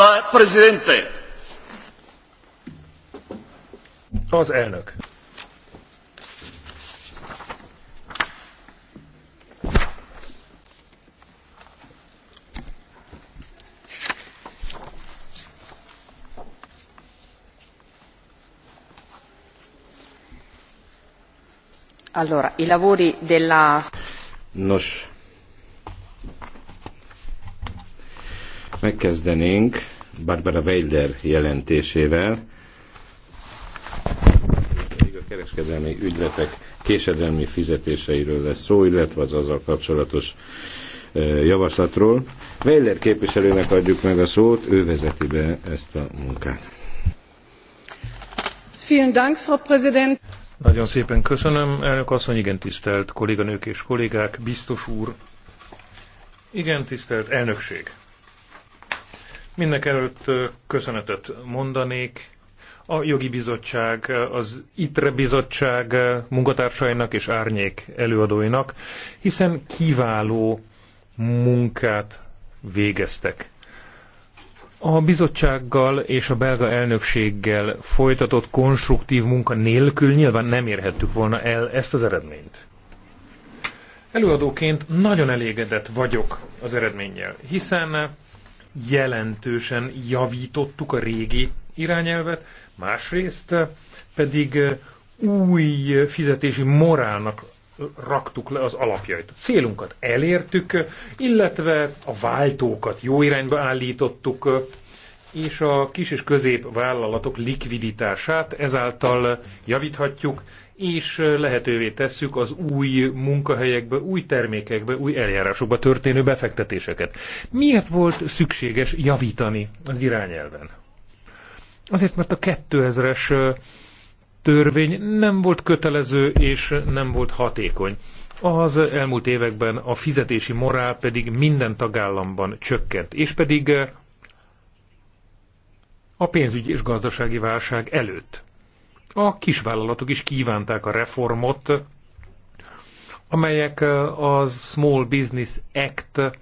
La Presidente. Az elnök. Allora, i lavori della... Nos, megkezdenénk Barbara Weiler jelentésével. Még a kereskedelmi ügyletek késedelmi fizetéseiről lesz szó, illetve az azzal kapcsolatos e, javaslatról. Weiler képviselőnek adjuk meg a szót, ő vezeti be ezt a munkát. Vielen Dank, Frau Präsident. Nagyon szépen köszönöm, elnök asszony, igen tisztelt kolléganők és kollégák, biztos úr, igen tisztelt elnökség. Mindenek előtt köszönetet mondanék a jogi bizottság, az ITRE bizottság munkatársainak és árnyék előadóinak, hiszen kiváló munkát végeztek. A bizottsággal és a belga elnökséggel folytatott konstruktív munka nélkül nyilván nem érhettük volna el ezt az eredményt. Előadóként nagyon elégedett vagyok az eredménnyel, hiszen jelentősen javítottuk a régi irányelvet, másrészt pedig eh, új fizetési morálnak raktuk le az alapjait. A célunkat elértük, illetve a váltókat jó irányba állítottuk, és a kis és közép vállalatok likviditását ezáltal javíthatjuk, és lehetővé tesszük az új munkahelyekbe, új termékekbe, új eljárásokba történő befektetéseket. Miért volt szükséges javítani az irányelven? Azért, mert a 2000-es törvény nem volt kötelező és nem volt hatékony. Az elmúlt években a fizetési morál pedig minden tagállamban csökkent, és pedig a pénzügyi és gazdasági válság előtt. A kisvállalatok is kívánták a reformot, amelyek a Small Business Act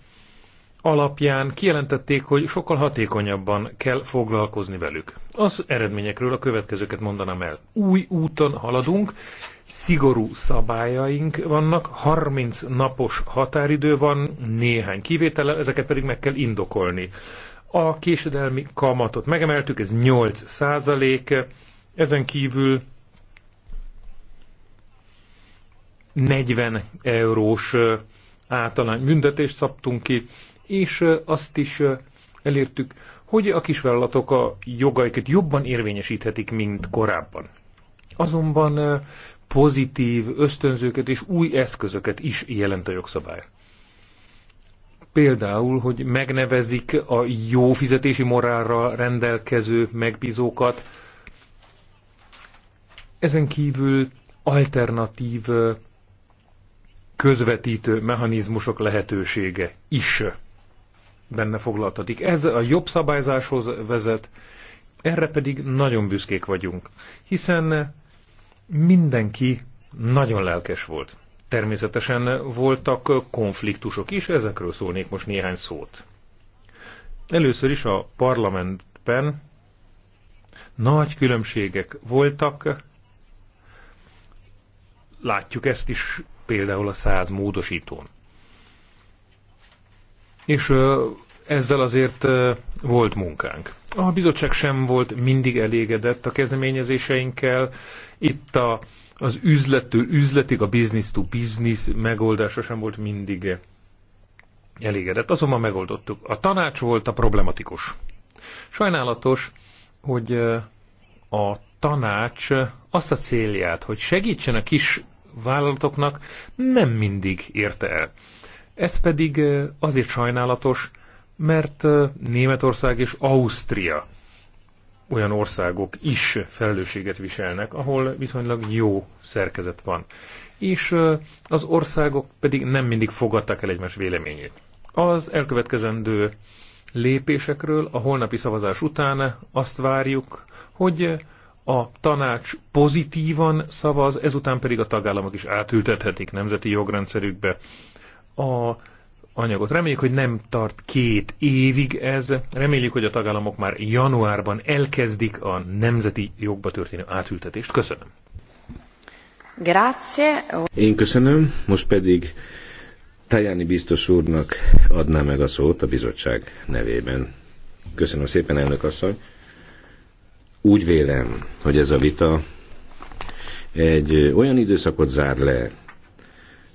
alapján kijelentették, hogy sokkal hatékonyabban kell foglalkozni velük. Az eredményekről a következőket mondanám el. Új úton haladunk, szigorú szabályaink vannak, 30 napos határidő van, néhány kivétellel, ezeket pedig meg kell indokolni. A késedelmi kamatot megemeltük, ez 8 százalék, ezen kívül 40 eurós általány büntetést szabtunk ki, és azt is elértük, hogy a kisvállalatok a jogaikat jobban érvényesíthetik, mint korábban. Azonban pozitív ösztönzőket és új eszközöket is jelent a jogszabály. Például, hogy megnevezik a jó fizetési morálra rendelkező megbízókat, ezen kívül alternatív közvetítő mechanizmusok lehetősége is benne foglaltatik. Ez a jobb szabályzáshoz vezet, erre pedig nagyon büszkék vagyunk, hiszen mindenki nagyon lelkes volt. Természetesen voltak konfliktusok is, ezekről szólnék most néhány szót. Először is a parlamentben nagy különbségek voltak Látjuk ezt is például a száz módosítón. És ezzel azért volt munkánk. A bizottság sem volt mindig elégedett a kezdeményezéseinkkel. Itt a, az üzlettől üzletig, a business to business megoldása sem volt mindig elégedett. Azonban megoldottuk. A tanács volt a problematikus. Sajnálatos, hogy a tanács azt a célját, hogy segítsen a kis vállalatoknak nem mindig érte el. Ez pedig azért sajnálatos, mert Németország és Ausztria olyan országok is felelősséget viselnek, ahol viszonylag jó szerkezet van. És az országok pedig nem mindig fogadták el egymás véleményét. Az elkövetkezendő lépésekről a holnapi szavazás után azt várjuk, hogy a tanács pozitívan szavaz, ezután pedig a tagállamok is átültethetik nemzeti jogrendszerükbe a anyagot. Reméljük, hogy nem tart két évig ez. Reméljük, hogy a tagállamok már januárban elkezdik a nemzeti jogba történő átültetést. Köszönöm. Grazie. Én köszönöm, most pedig Tajani biztos úrnak adná meg a szót a bizottság nevében. Köszönöm szépen, elnök asszony. Úgy vélem, hogy ez a vita egy olyan időszakot zár le,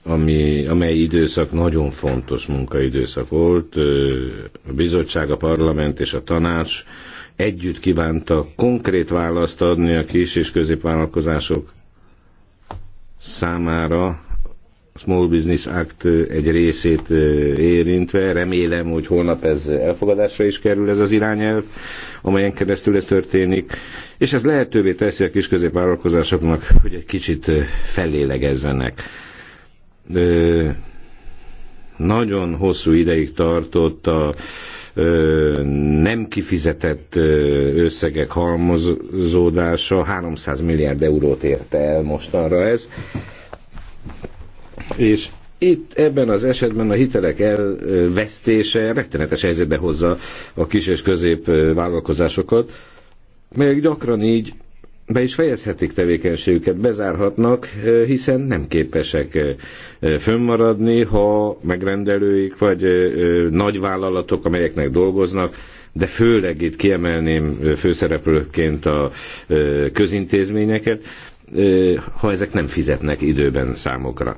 ami, amely időszak nagyon fontos munkaidőszak volt. A bizottság, a parlament és a tanács együtt kívánta konkrét választ adni a kis és középvállalkozások számára Small Business Act egy részét érintve. Remélem, hogy holnap ez elfogadásra is kerül ez az irányelv, amelyen keresztül ez történik. És ez lehetővé teszi a középvállalkozásoknak, hogy egy kicsit fellélegezzenek. Nagyon hosszú ideig tartott a nem kifizetett összegek halmozódása, 300 milliárd eurót érte el mostanra ez. És itt ebben az esetben a hitelek elvesztése rettenetes helyzetbe hozza a kis és közép vállalkozásokat, melyek gyakran így be is fejezhetik tevékenységüket, bezárhatnak, hiszen nem képesek fönnmaradni, ha megrendelőik, vagy nagyvállalatok, amelyeknek dolgoznak, de főleg itt kiemelném főszereplőként a közintézményeket, ha ezek nem fizetnek időben számokra.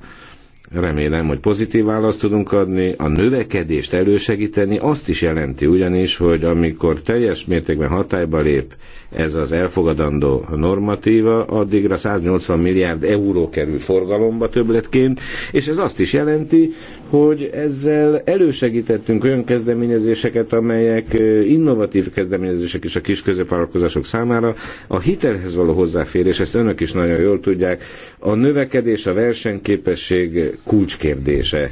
Remélem, hogy pozitív választ tudunk adni, a növekedést elősegíteni, azt is jelenti ugyanis, hogy amikor teljes mértékben hatályba lép ez az elfogadandó normatíva, addigra 180 milliárd euró kerül forgalomba többletként, és ez azt is jelenti, hogy ezzel elősegítettünk olyan kezdeményezéseket, amelyek innovatív kezdeményezések is a kis középvállalkozások számára. A hitelhez való hozzáférés, ezt önök is nagyon jól tudják, a növekedés, a versenyképesség kulcskérdése.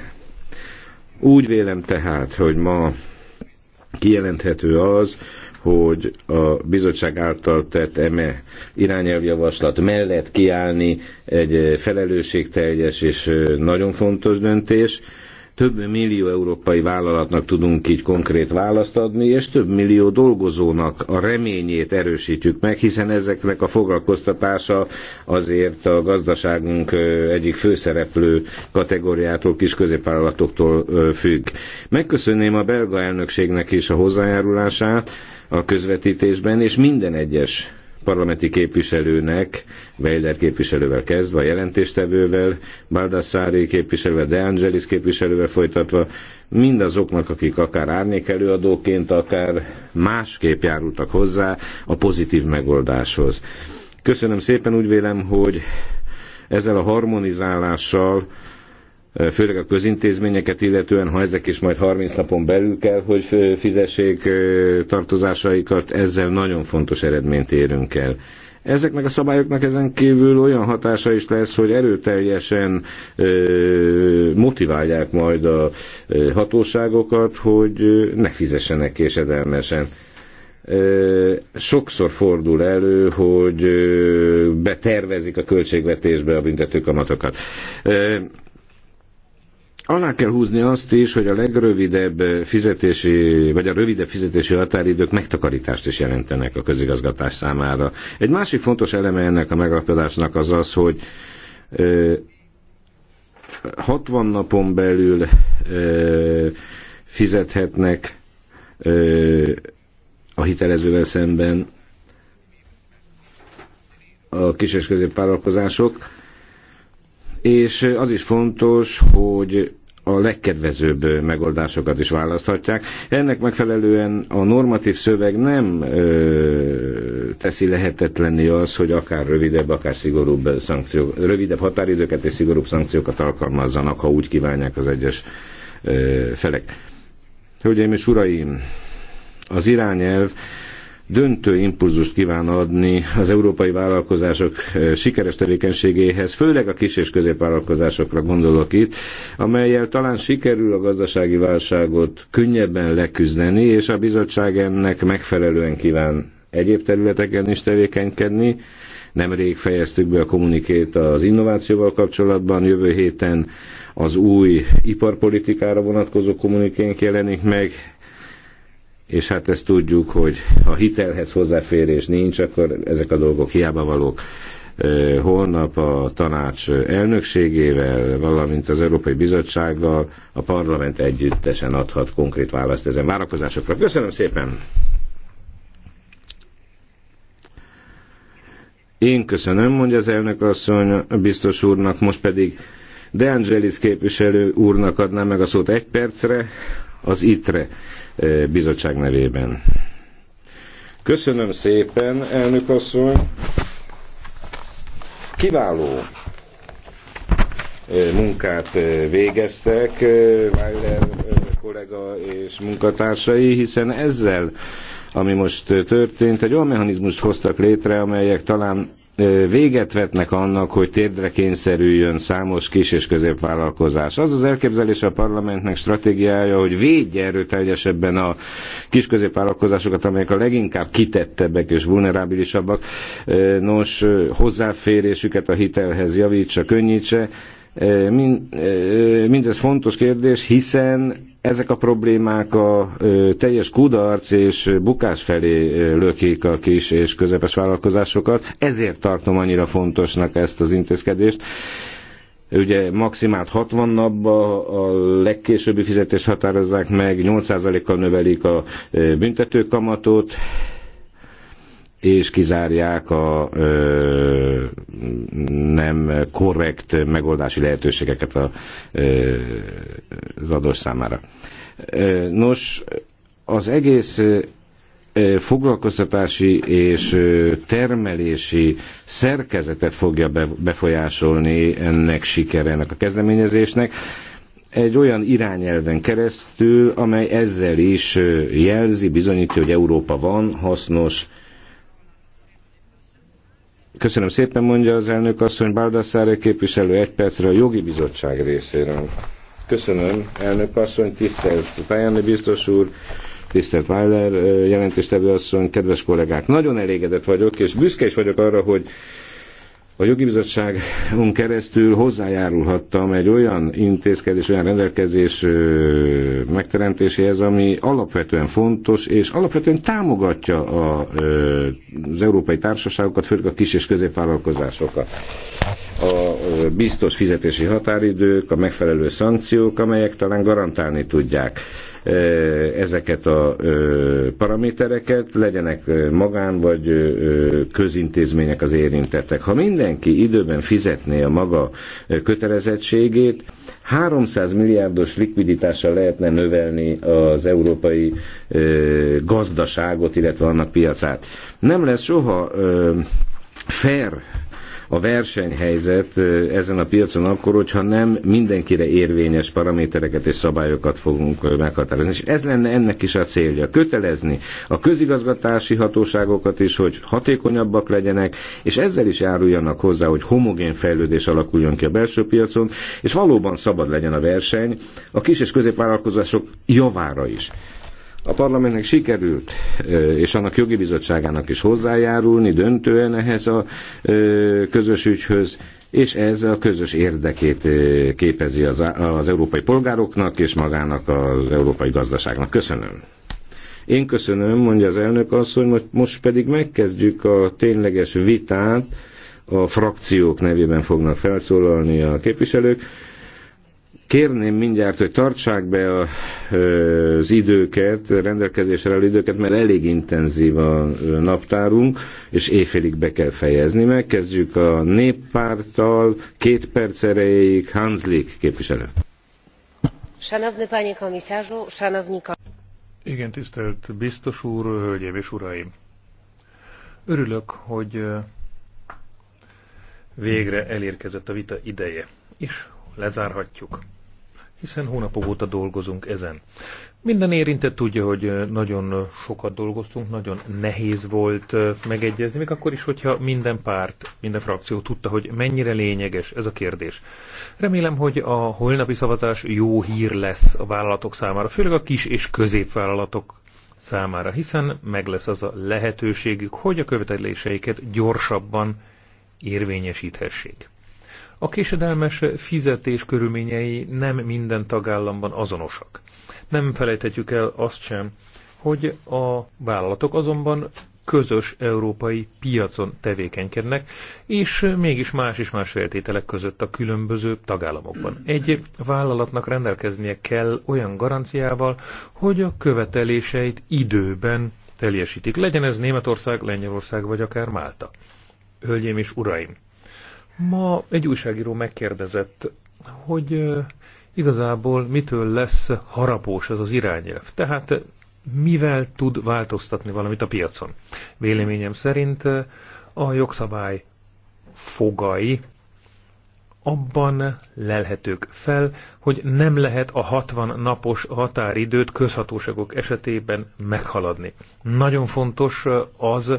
Úgy vélem tehát, hogy ma kijelenthető az, hogy a bizottság által tett eme irányelvjavaslat mellett kiállni egy felelősségteljes és nagyon fontos döntés. Több millió európai vállalatnak tudunk így konkrét választ adni, és több millió dolgozónak a reményét erősítjük meg, hiszen ezeknek a foglalkoztatása azért a gazdaságunk egyik főszereplő kategóriától, kis középvállalatoktól függ. Megköszönném a belga elnökségnek is a hozzájárulását a közvetítésben, és minden egyes parlamenti képviselőnek, Weiler képviselővel kezdve, a jelentéstevővel, Baldassari képviselővel, De Angelis képviselővel folytatva, mindazoknak, akik akár árnyékelőadóként, akár másképp járultak hozzá a pozitív megoldáshoz. Köszönöm szépen, úgy vélem, hogy ezzel a harmonizálással főleg a közintézményeket illetően, ha ezek is majd 30 napon belül kell, hogy fizessék tartozásaikat, ezzel nagyon fontos eredményt érünk el. Ezeknek a szabályoknak ezen kívül olyan hatása is lesz, hogy erőteljesen ö, motiválják majd a ö, hatóságokat, hogy ne fizessenek késedelmesen. Sokszor fordul elő, hogy betervezik a költségvetésbe a büntetőkamatokat. Alá kell húzni azt is, hogy a legrövidebb fizetési, vagy a rövidebb fizetési határidők megtakarítást is jelentenek a közigazgatás számára. Egy másik fontos eleme ennek a megalapodásnak az az, hogy 60 napon belül fizethetnek a hitelezővel szemben a kis és középvállalkozások, és az is fontos, hogy a legkedvezőbb megoldásokat is választhatják. Ennek megfelelően a normatív szöveg nem ö, teszi lehetetlenni az, hogy akár rövidebb, akár szigorúbb szankciók, rövidebb határidőket és szigorúbb szankciókat alkalmazzanak, ha úgy kívánják az egyes ö, felek. Hölgyeim és uraim, az irányelv döntő impulzust kíván adni az európai vállalkozások eh, sikeres tevékenységéhez, főleg a kis és középvállalkozásokra gondolok itt, amelyel talán sikerül a gazdasági válságot könnyebben leküzdeni, és a bizottság ennek megfelelően kíván egyéb területeken is tevékenykedni. Nemrég fejeztük be a kommunikét az innovációval kapcsolatban, jövő héten az új iparpolitikára vonatkozó kommunikénk jelenik meg, és hát ezt tudjuk, hogy ha hitelhez hozzáférés nincs, akkor ezek a dolgok hiába valók. Holnap a tanács elnökségével, valamint az Európai Bizottsággal a parlament együttesen adhat konkrét választ ezen várakozásokra. Köszönöm szépen! Én köszönöm, mondja az elnök asszony biztos úrnak, most pedig De Angelis képviselő úrnak adná meg a szót egy percre, az ITRE eh, bizottság nevében. Köszönöm szépen, elnök asszony. Kiváló eh, munkát eh, végeztek Weiler kollega és munkatársai, hiszen ezzel, ami most történt, egy olyan mechanizmust hoztak létre, amelyek talán véget vetnek annak, hogy térdre kényszerüljön számos kis és középvállalkozás. Az az elképzelés a parlamentnek stratégiája, hogy védje erőteljesebben a kis középvállalkozásokat, amelyek a leginkább kitettebbek és vulnerábilisabbak. Nos, hozzáférésüket a hitelhez javítsa, könnyítse, Mindez fontos kérdés, hiszen ezek a problémák a teljes kudarc és bukás felé lökik a kis és közepes vállalkozásokat, ezért tartom annyira fontosnak ezt az intézkedést ugye maximált 60 napban a legkésőbbi fizetést határozzák meg, 8%-kal növelik a büntetőkamatot, és kizárják a ö, nem korrekt megoldási lehetőségeket a, ö, az adós számára. Nos, az egész foglalkoztatási és termelési szerkezetet fogja befolyásolni ennek sikere, ennek a kezdeményezésnek egy olyan irányelven keresztül, amely ezzel is jelzi, bizonyítja, hogy Európa van, hasznos Köszönöm szépen, mondja az elnök asszony Baldassare képviselő egy percre a jogi bizottság részéről. Köszönöm, elnök asszony, tisztelt Tajani biztos úr, tisztelt Weiler jelentéstevő asszony, kedves kollégák. Nagyon elégedett vagyok, és büszke is vagyok arra, hogy a jogi bizottságon keresztül hozzájárulhattam egy olyan intézkedés, olyan rendelkezés megteremtéséhez, ami alapvetően fontos, és alapvetően támogatja a, az európai társaságokat, főleg a kis és középvállalkozásokat. A biztos fizetési határidők, a megfelelő szankciók, amelyek talán garantálni tudják ezeket a paramétereket, legyenek magán vagy közintézmények az érintettek. Ha mindenki időben fizetné a maga kötelezettségét, 300 milliárdos likviditással lehetne növelni az európai gazdaságot, illetve annak piacát. Nem lesz soha fair a versenyhelyzet ezen a piacon akkor, hogyha nem mindenkire érvényes paramétereket és szabályokat fogunk meghatározni. És ez lenne ennek is a célja. Kötelezni a közigazgatási hatóságokat is, hogy hatékonyabbak legyenek, és ezzel is járuljanak hozzá, hogy homogén fejlődés alakuljon ki a belső piacon, és valóban szabad legyen a verseny a kis és középvállalkozások javára is. A parlamentnek sikerült, és annak jogi bizottságának is hozzájárulni döntően ehhez a közös ügyhöz, és ez a közös érdekét képezi az, az európai polgároknak és magának az európai gazdaságnak. Köszönöm. Én köszönöm, mondja az elnök asszony, hogy most pedig megkezdjük a tényleges vitát, a frakciók nevében fognak felszólalni a képviselők. Kérném mindjárt, hogy tartsák be a, az időket, rendelkezésre álló időket, mert elég intenzív a naptárunk, és éjfélig be kell fejezni. Megkezdjük a néppárttal, két perc erejéig, Hanslik képviselő. Szanowny panie komisarzu, szanowni Igen, tisztelt biztos úr, hölgyeim és uraim. Örülök, hogy végre elérkezett a vita ideje, és lezárhatjuk, hiszen hónapok óta dolgozunk ezen. Minden érintett tudja, hogy nagyon sokat dolgoztunk, nagyon nehéz volt megegyezni, még akkor is, hogyha minden párt, minden frakció tudta, hogy mennyire lényeges ez a kérdés. Remélem, hogy a holnapi szavazás jó hír lesz a vállalatok számára, főleg a kis és középvállalatok számára, hiszen meg lesz az a lehetőségük, hogy a követeléseiket gyorsabban érvényesíthessék. A késedelmes fizetés körülményei nem minden tagállamban azonosak. Nem felejthetjük el azt sem, hogy a vállalatok azonban közös európai piacon tevékenykednek, és mégis más és más feltételek között a különböző tagállamokban. Egy vállalatnak rendelkeznie kell olyan garanciával, hogy a követeléseit időben teljesítik. Legyen ez Németország, Lengyelország vagy akár Málta. Hölgyeim és uraim! Ma egy újságíró megkérdezett, hogy igazából mitől lesz harapós ez az irányelv. Tehát mivel tud változtatni valamit a piacon? Véleményem szerint a jogszabály fogai abban lelhetők fel, hogy nem lehet a 60 napos határidőt közhatóságok esetében meghaladni. Nagyon fontos az,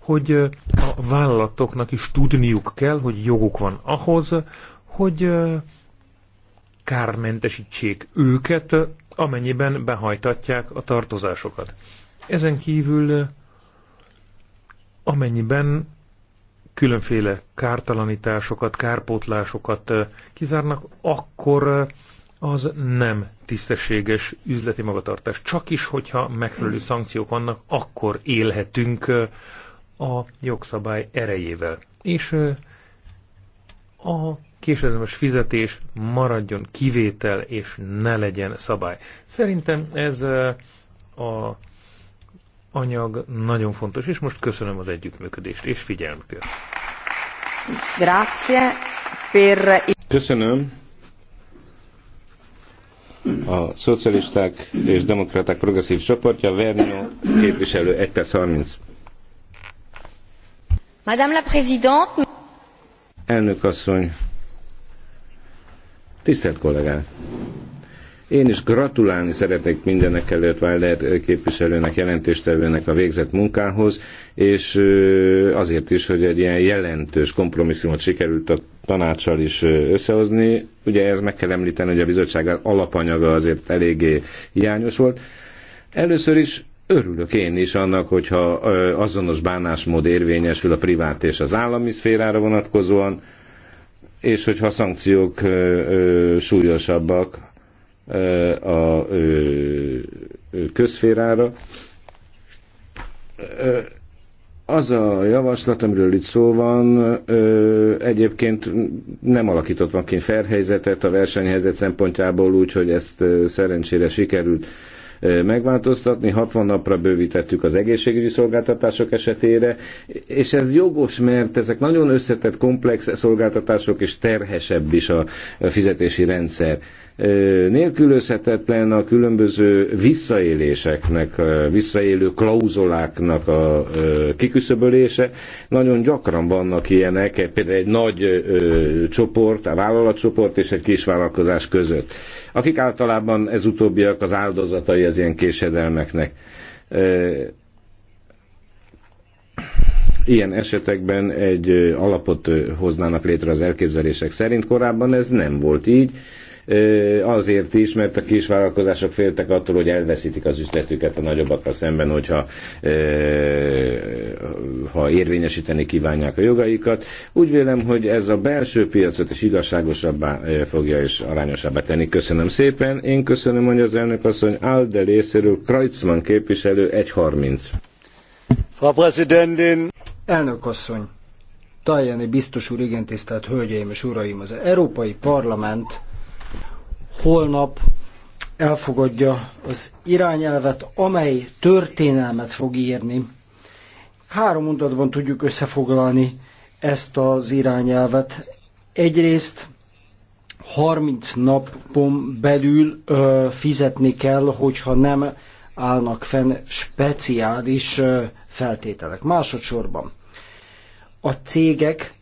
hogy a vállalatoknak is tudniuk kell, hogy joguk van ahhoz, hogy kármentesítsék őket, amennyiben behajtatják a tartozásokat. Ezen kívül, amennyiben különféle kártalanításokat, kárpótlásokat kizárnak, akkor az nem tisztességes üzleti magatartás. Csak is, hogyha megfelelő szankciók vannak, akkor élhetünk a jogszabály erejével. És a késedelmes fizetés maradjon kivétel, és ne legyen szabály. Szerintem ez a anyag nagyon fontos, és most köszönöm az együttműködést és figyelmüket. Grazie per... Köszönöm. A szocialisták és demokraták progresszív csoportja Vernyó képviselő 1 perc 30. Madame la Présidente. Elnök asszony, tisztelt kollégák! Én is gratulálni szeretnék mindenek előtt Weiler képviselőnek, jelentéstevőnek a végzett munkához, és azért is, hogy egy ilyen jelentős kompromisszumot sikerült a tanácssal is összehozni. Ugye ez meg kell említeni, hogy a bizottság alapanyaga azért eléggé hiányos volt. Először is Örülök én is annak, hogyha azonos bánásmód érvényesül a privát és az állami szférára vonatkozóan, és hogyha a szankciók súlyosabbak a közszférára. Az a javaslat, amiről itt szó van, egyébként nem alakított van ki a versenyhelyzet szempontjából, úgyhogy ezt szerencsére sikerült megváltoztatni, 60 napra bővítettük az egészségügyi szolgáltatások esetére, és ez jogos, mert ezek nagyon összetett, komplex szolgáltatások, és terhesebb is a fizetési rendszer nélkülözhetetlen a különböző visszaéléseknek, visszaélő klauzoláknak a kiküszöbölése. Nagyon gyakran vannak ilyenek, például egy nagy csoport, a vállalatcsoport és egy kis vállalkozás között, akik általában ez utóbbiak az áldozatai az ilyen késedelmeknek ilyen esetekben egy alapot hoznának létre az elképzelések szerint. Korábban ez nem volt így azért is, mert a kisvállalkozások féltek attól, hogy elveszítik az üzletüket a nagyobbakkal szemben, hogyha ha érvényesíteni kívánják a jogaikat. Úgy vélem, hogy ez a belső piacot is igazságosabbá fogja és arányosabbá tenni. Köszönöm szépen. Én köszönöm, hogy az elnök asszony Alde részéről Kreutzmann képviselő 1.30. Frau Präsidentin! Elnök asszony! Tajani biztos úr, igen tisztelt hölgyeim és uraim, az Európai Parlament holnap elfogadja az irányelvet, amely történelmet fog írni. Három mondatban tudjuk összefoglalni ezt az irányelvet. Egyrészt 30 napon belül ö, fizetni kell, hogyha nem állnak fenn speciális ö, feltételek. Másodszorban a cégek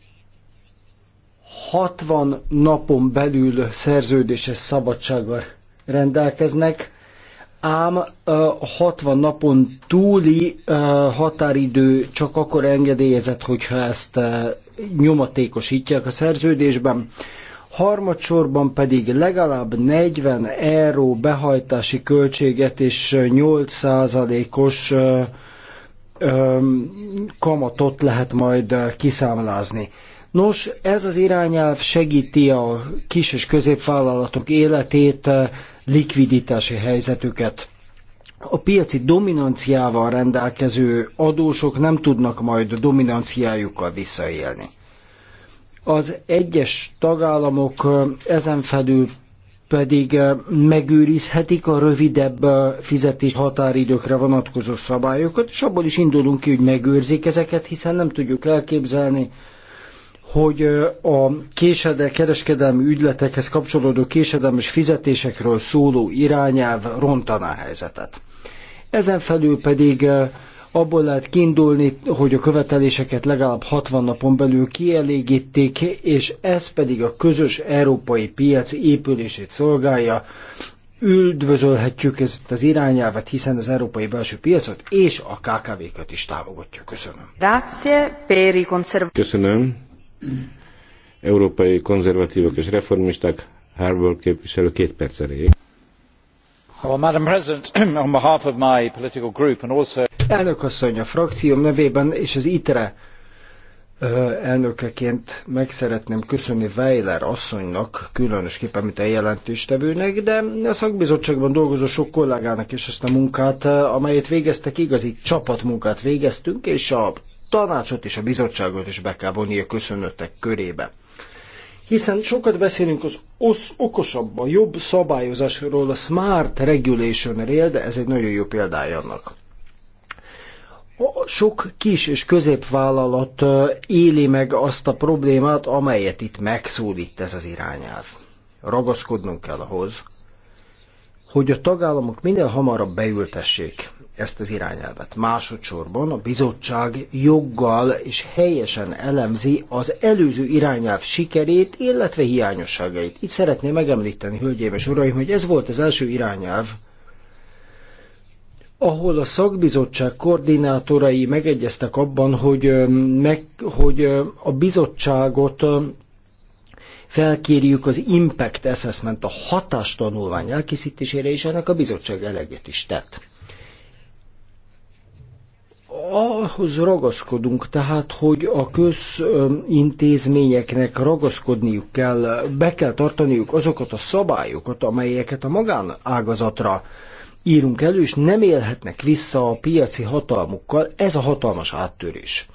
60 napon belül szerződéses szabadsággal rendelkeznek, ám 60 napon túli határidő csak akkor engedélyezett, hogyha ezt nyomatékosítják a szerződésben, harmadsorban pedig legalább 40 euró behajtási költséget és 8%-os kamatot lehet majd kiszámlázni. Nos, ez az irányelv segíti a kis és középvállalatok életét, eh, likviditási helyzetüket. A piaci dominanciával rendelkező adósok nem tudnak majd dominanciájukkal visszaélni. Az egyes tagállamok eh, ezen felül pedig eh, megőrizhetik a rövidebb fizetés határidőkre vonatkozó szabályokat, és abból is indulunk ki, hogy megőrzik ezeket, hiszen nem tudjuk elképzelni, hogy a késede, kereskedelmi ügyletekhez kapcsolódó késedelmes fizetésekről szóló irányelv rontaná a helyzetet. Ezen felül pedig abból lehet kiindulni, hogy a követeléseket legalább 60 napon belül kielégítik, és ez pedig a közös európai piac épülését szolgálja. Üldvözölhetjük ezt az irányelvet, hiszen az európai belső piacot és a KKV-kat is támogatja. Köszönöm. Grazie per i Köszönöm Európai konzervatívok és reformisták, Harbour képviselő két perc erejéig. Madam President, on behalf of my political group and also... Elnök asszony, a frakcióm nevében és az ITRE elnökeként meg szeretném köszönni Weiler asszonynak, különösképpen, mint a jelentéstevőnek, de a szakbizottságban dolgozó sok kollégának is ezt a munkát, amelyet végeztek, igazi csapatmunkát végeztünk, és a tanácsot és a bizottságot is be kell vonni a köszönöttek körébe. Hiszen sokat beszélünk az osz, okosabb, a jobb szabályozásról, a smart regulationről, de ez egy nagyon jó példája annak. A sok kis és középvállalat éli meg azt a problémát, amelyet itt megszólít ez az irányelv. Ragaszkodnunk kell ahhoz, hogy a tagállamok minél hamarabb beültessék ezt az irányelvet. Másodszorban a bizottság joggal és helyesen elemzi az előző irányelv sikerét, illetve hiányosságait. Itt szeretném megemlíteni, hölgyeim és uraim, hogy ez volt az első irányelv, ahol a szakbizottság koordinátorai megegyeztek abban, hogy, meg, hogy a bizottságot felkérjük az impact assessment, a hatástanulmány elkészítésére, és ennek a bizottság eleget is tett ahhoz ragaszkodunk, tehát, hogy a közintézményeknek ragaszkodniuk kell, be kell tartaniuk azokat a szabályokat, amelyeket a magánágazatra írunk elő, és nem élhetnek vissza a piaci hatalmukkal. Ez a hatalmas áttörés.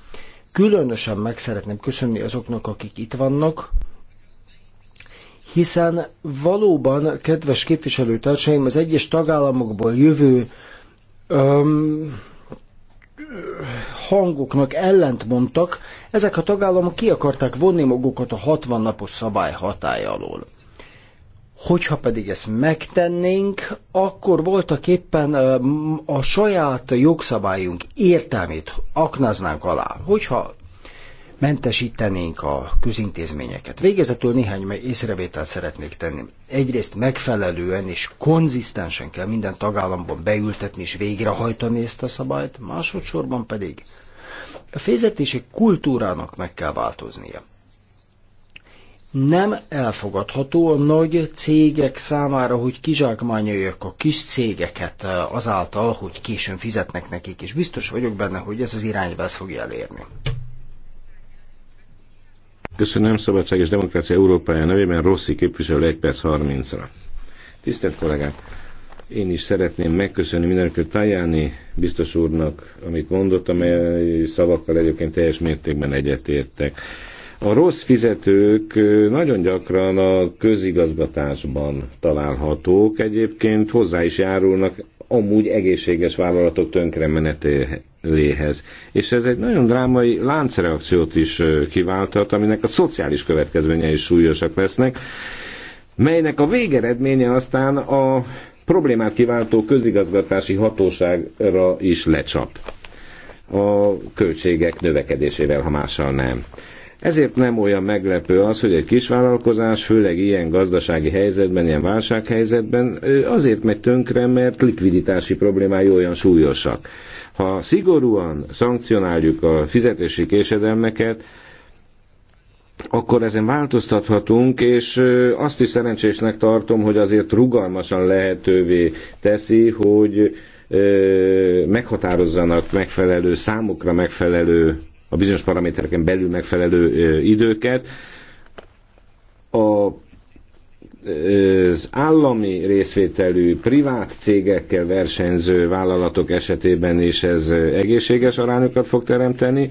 Különösen meg szeretném köszönni azoknak, akik itt vannak, hiszen valóban, kedves képviselőtársaim, az egyes tagállamokból jövő öm, hangoknak mondtak, ezek a tagállamok ki akarták vonni magukat a 60 napos szabály hatája alól. Hogyha pedig ezt megtennénk, akkor voltak éppen a saját jogszabályunk értelmét aknáznánk alá. Hogyha mentesítenénk a közintézményeket. Végezetül néhány észrevételt szeretnék tenni. Egyrészt megfelelően és konzisztensen kell minden tagállamban beültetni és végrehajtani ezt a szabályt, másodszorban pedig a fizetési kultúrának meg kell változnia. Nem elfogadható a nagy cégek számára, hogy kizsákmányoljak a kis cégeket eh, azáltal, hogy későn fizetnek nekik, és biztos vagyok benne, hogy ez az irányba ezt fogja elérni. Köszönöm Szabadság és Demokrácia Európája nevében Rossi képviselő 1 perc 30-ra. Tisztelt kollégák! Én is szeretném megköszönni mindenkit Tajáni biztos úrnak, amit mondott, amely szavakkal egyébként teljes mértékben egyetértek. A rossz fizetők nagyon gyakran a közigazgatásban találhatók, egyébként hozzá is járulnak amúgy egészséges vállalatok tönkremenetéléhez. És ez egy nagyon drámai láncreakciót is kiváltat, aminek a szociális következményei is súlyosak lesznek, melynek a végeredménye aztán a problémát kiváltó közigazgatási hatóságra is lecsap a költségek növekedésével, ha mással nem. Ezért nem olyan meglepő az, hogy egy kisvállalkozás, főleg ilyen gazdasági helyzetben, ilyen válsághelyzetben azért megy tönkre, mert likviditási problémái olyan súlyosak. Ha szigorúan szankcionáljuk a fizetési késedelmeket, akkor ezen változtathatunk, és azt is szerencsésnek tartom, hogy azért rugalmasan lehetővé teszi, hogy meghatározzanak megfelelő, számukra megfelelő a bizonyos paramétereken belül megfelelő időket. A az állami részvételű privát cégekkel versenyző vállalatok esetében is ez egészséges arányokat fog teremteni,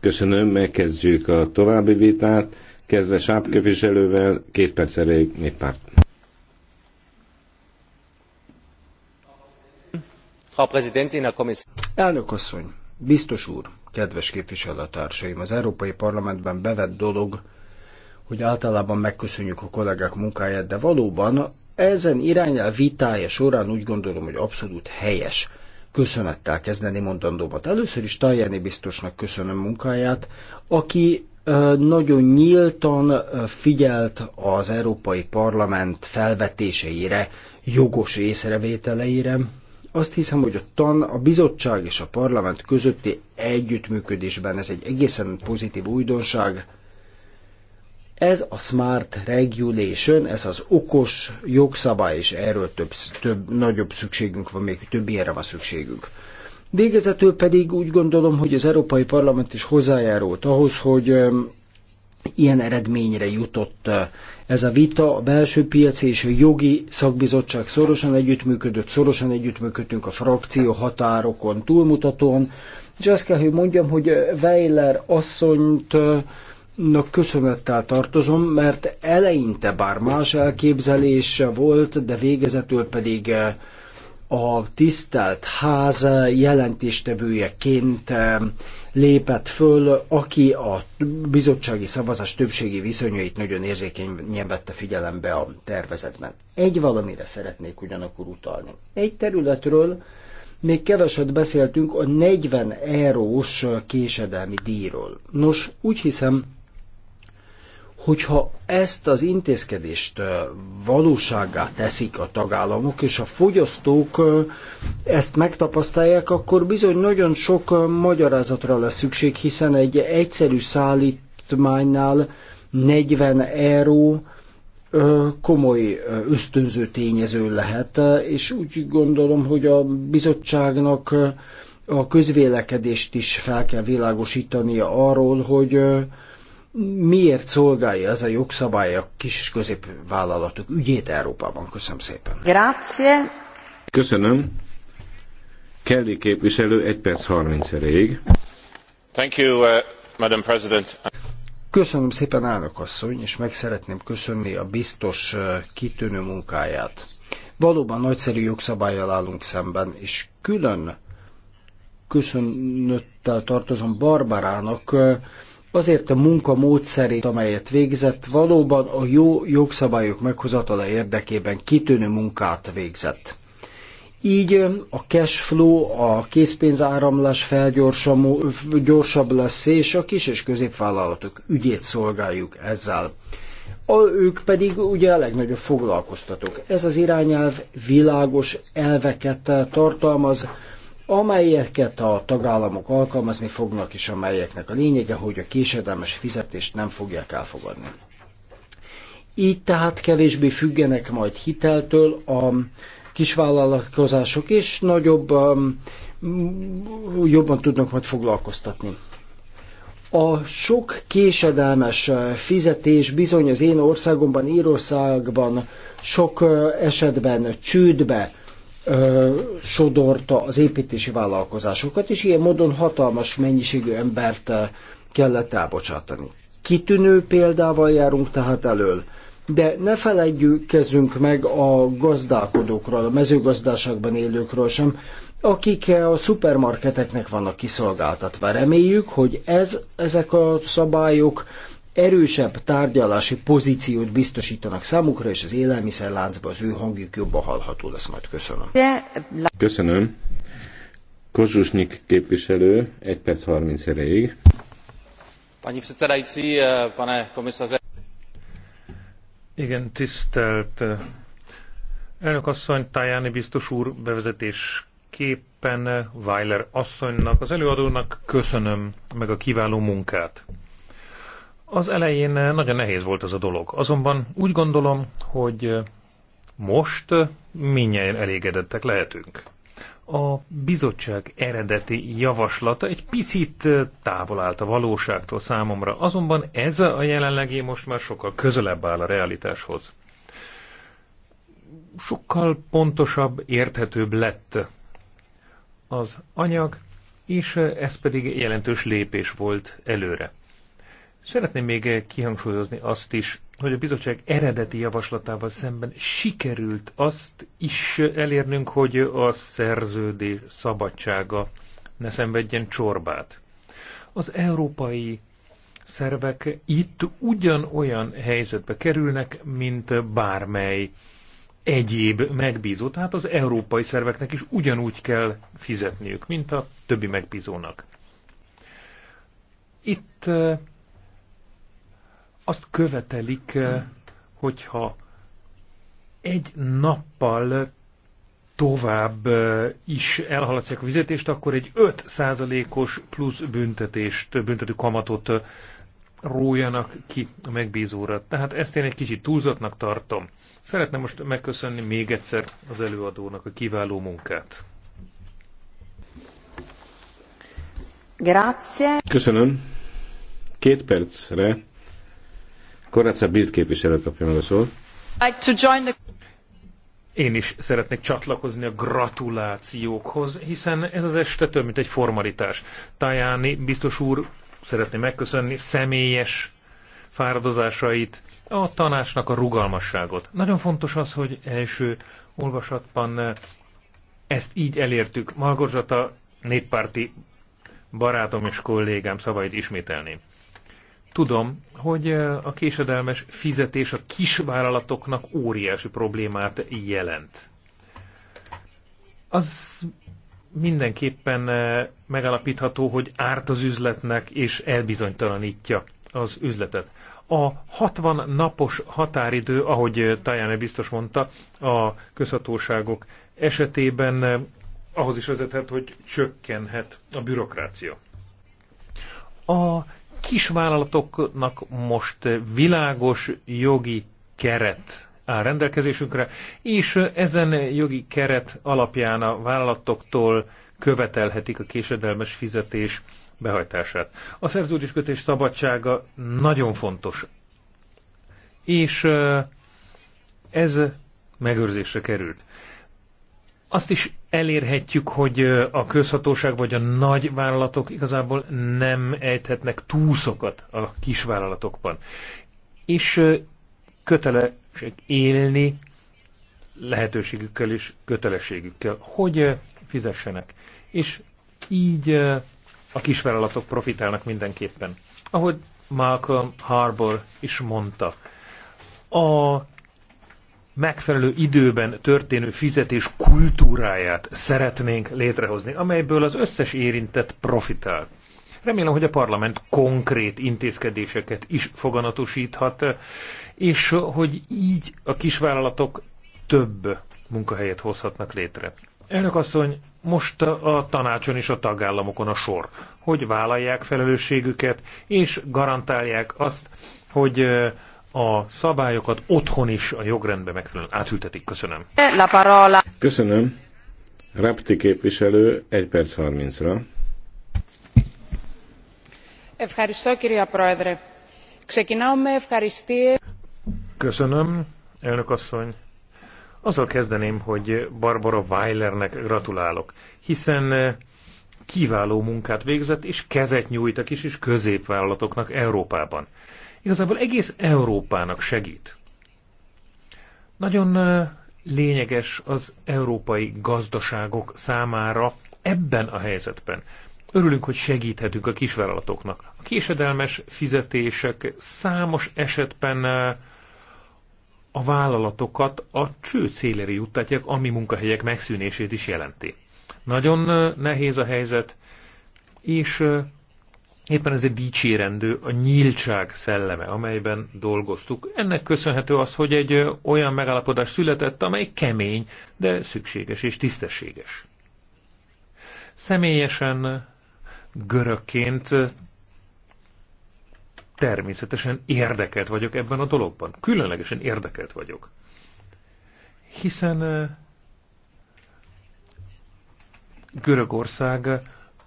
Köszönöm, megkezdjük a további vitát. Kezdve Sáb képviselővel, két perc erejéig néppárt. Elnök asszony, biztos úr, kedves képviselőtársaim, az Európai Parlamentben bevett dolog, hogy általában megköszönjük a kollégák munkáját, de valóban ezen irányel vitája során úgy gondolom, hogy abszolút helyes köszönettel kezdeni mondandómat. Először is Tajani biztosnak köszönöm munkáját, aki nagyon nyíltan figyelt az Európai Parlament felvetéseire, jogos észrevételeire. Azt hiszem, hogy a TAN, a bizottság és a parlament közötti együttműködésben ez egy egészen pozitív újdonság, ez a smart regulation, ez az okos jogszabály, és erről több, több, nagyobb szükségünk van, még több ilyenre van szükségünk. Végezetül pedig úgy gondolom, hogy az Európai Parlament is hozzájárult ahhoz, hogy ilyen eredményre jutott ez a vita, a belső piac és a jogi szakbizottság szorosan együttműködött, szorosan együttműködtünk a frakció határokon túlmutatón. és azt kell, hogy mondjam, hogy Weiler asszonyt köszönettel tartozom, mert eleinte bár más elképzelése volt, de végezetül pedig eh, a tisztelt ház jelentéstevőjeként eh, lépett föl, aki a bizottsági szavazás többségi viszonyait nagyon érzékenyen vette figyelembe a tervezetben. Egy valamire szeretnék ugyanakkor utalni. Egy területről még keveset beszéltünk a 40 eurós eh, késedelmi díjról. Nos, úgy hiszem, hogyha ezt az intézkedést valóságá teszik a tagállamok, és a fogyasztók ezt megtapasztalják, akkor bizony nagyon sok magyarázatra lesz szükség, hiszen egy egyszerű szállítmánynál 40 euró komoly ösztönző tényező lehet, és úgy gondolom, hogy a bizottságnak a közvélekedést is fel kell világosítania arról, hogy miért szolgálja ez a jogszabály a kis és középvállalatok ügyét Európában? Köszönöm szépen. Grazie. Köszönöm. Kelly képviselő 1 perc 30 erég. Thank you, uh, Madam President. Köszönöm szépen, elnök asszony, és meg szeretném köszönni a biztos uh, kitűnő munkáját. Valóban nagyszerű jogszabályjal állunk szemben, és külön köszönöttel tartozom Barbarának, uh, azért a munka módszerét, amelyet végzett, valóban a jó jogszabályok meghozatala érdekében kitűnő munkát végzett. Így a cash flow, a készpénzáramlás felgyorsabb lesz, és a kis és középvállalatok ügyét szolgáljuk ezzel. A, ők pedig ugye a legnagyobb foglalkoztatók. Ez az irányelv világos elveket tartalmaz, amelyeket a tagállamok alkalmazni fognak, és amelyeknek a lényege, hogy a késedelmes fizetést nem fogják elfogadni. Így tehát kevésbé függenek majd hiteltől a kisvállalkozások, és nagyobb, um, jobban tudnak majd foglalkoztatni. A sok késedelmes fizetés bizony az én országomban, Írországban sok uh, esetben csődbe, sodorta az építési vállalkozásokat, és ilyen módon hatalmas mennyiségű embert kellett elbocsátani. Kitűnő példával járunk tehát elől, de ne felejtjük meg a gazdálkodókról, a mezőgazdaságban élőkről sem, akik a szupermarketeknek vannak kiszolgáltatva. Reméljük, hogy ez, ezek a szabályok erősebb tárgyalási pozíciót biztosítanak számukra, és az élelmiszerláncban az ő hangjuk jobban hallható lesz majd. Köszönöm. Köszönöm. Kozsusnyik képviselő, 1 perc 30 erejéig. Pani předsedající, eh, pane komisaře. Igen, tisztelt eh, elnök asszony, Tajani biztos úr bevezetésképpen eh, Weiler asszonynak, az előadónak köszönöm meg a kiváló munkát. Az elején nagyon nehéz volt az a dolog, azonban úgy gondolom, hogy most minnyáján elégedettek lehetünk. A bizottság eredeti javaslata egy picit távol állt a valóságtól számomra, azonban ez a jelenlegi most már sokkal közelebb áll a realitáshoz. Sokkal pontosabb, érthetőbb lett az anyag, és ez pedig jelentős lépés volt előre. Szeretném még kihangsúlyozni azt is, hogy a bizottság eredeti javaslatával szemben sikerült azt is elérnünk, hogy a szerződés szabadsága ne szenvedjen csorbát. Az európai szervek itt ugyanolyan helyzetbe kerülnek, mint bármely egyéb megbízó. Tehát az európai szerveknek is ugyanúgy kell fizetniük, mint a többi megbízónak. Itt azt követelik, eh, hogyha egy nappal tovább eh, is elhalasztják a fizetést, akkor egy 5%-os plusz büntetést, büntető kamatot eh, rójanak ki a megbízóra. Tehát ezt én egy kicsit túlzatnak tartom. Szeretném most megköszönni még egyszer az előadónak a kiváló munkát. Grazie. Köszönöm. Két percre Koráca Bild képviselő kapja meg a szót. Én is szeretnék csatlakozni a gratulációkhoz, hiszen ez az este több, mint egy formalitás. Tajáni biztos úr szeretné megköszönni személyes fáradozásait, a tanácsnak a rugalmasságot. Nagyon fontos az, hogy első olvasatban eh, ezt így elértük. Malgorzata néppárti barátom és kollégám szavait ismételném. Tudom, hogy a késedelmes fizetés a kisvállalatoknak óriási problémát jelent. Az mindenképpen megalapítható, hogy árt az üzletnek és elbizonytalanítja az üzletet. A 60 napos határidő, ahogy Tajáne biztos mondta, a közhatóságok esetében ahhoz is vezethet, hogy csökkenhet a bürokrácia. A kisvállalatoknak most világos jogi keret áll rendelkezésünkre, és ezen jogi keret alapján a vállalatoktól követelhetik a késedelmes fizetés behajtását. A szerződéskötés szabadsága nagyon fontos, és ez megőrzésre került azt is elérhetjük, hogy a közhatóság vagy a nagy vállalatok igazából nem ejthetnek túszokat a kisvállalatokban. És kötelesek élni lehetőségükkel és kötelességükkel, hogy fizessenek. És így a kisvállalatok profitálnak mindenképpen. Ahogy Malcolm Harbour is mondta, a megfelelő időben történő fizetés kultúráját szeretnénk létrehozni, amelyből az összes érintett profitál. Remélem, hogy a parlament konkrét intézkedéseket is foganatosíthat, és hogy így a kisvállalatok több munkahelyet hozhatnak létre. Elnök asszony, most a tanácson és a tagállamokon a sor, hogy vállalják felelősségüket, és garantálják azt, hogy a szabályokat otthon is a jogrendbe megfelelően átültetik. Köszönöm. La parola. Köszönöm. Rapti képviselő 1 perc 30-ra. Köszönöm, elnök asszony. Azzal kezdeném, hogy Barbara Weilernek gratulálok, hiszen eh, kiváló munkát végzett, és kezet nyújt a kis és középvállalatoknak Európában igazából egész Európának segít. Nagyon lényeges az európai gazdaságok számára ebben a helyzetben. Örülünk, hogy segíthetünk a kisvállalatoknak. A késedelmes fizetések számos esetben a vállalatokat a cső céleri juttatják, ami munkahelyek megszűnését is jelenti. Nagyon nehéz a helyzet, és Éppen ez egy dicsérendő a nyíltság szelleme, amelyben dolgoztuk. Ennek köszönhető az, hogy egy olyan megállapodás született, amely kemény, de szükséges és tisztességes. Személyesen görögként természetesen érdekelt vagyok ebben a dologban. Különlegesen érdekelt vagyok. Hiszen Görögország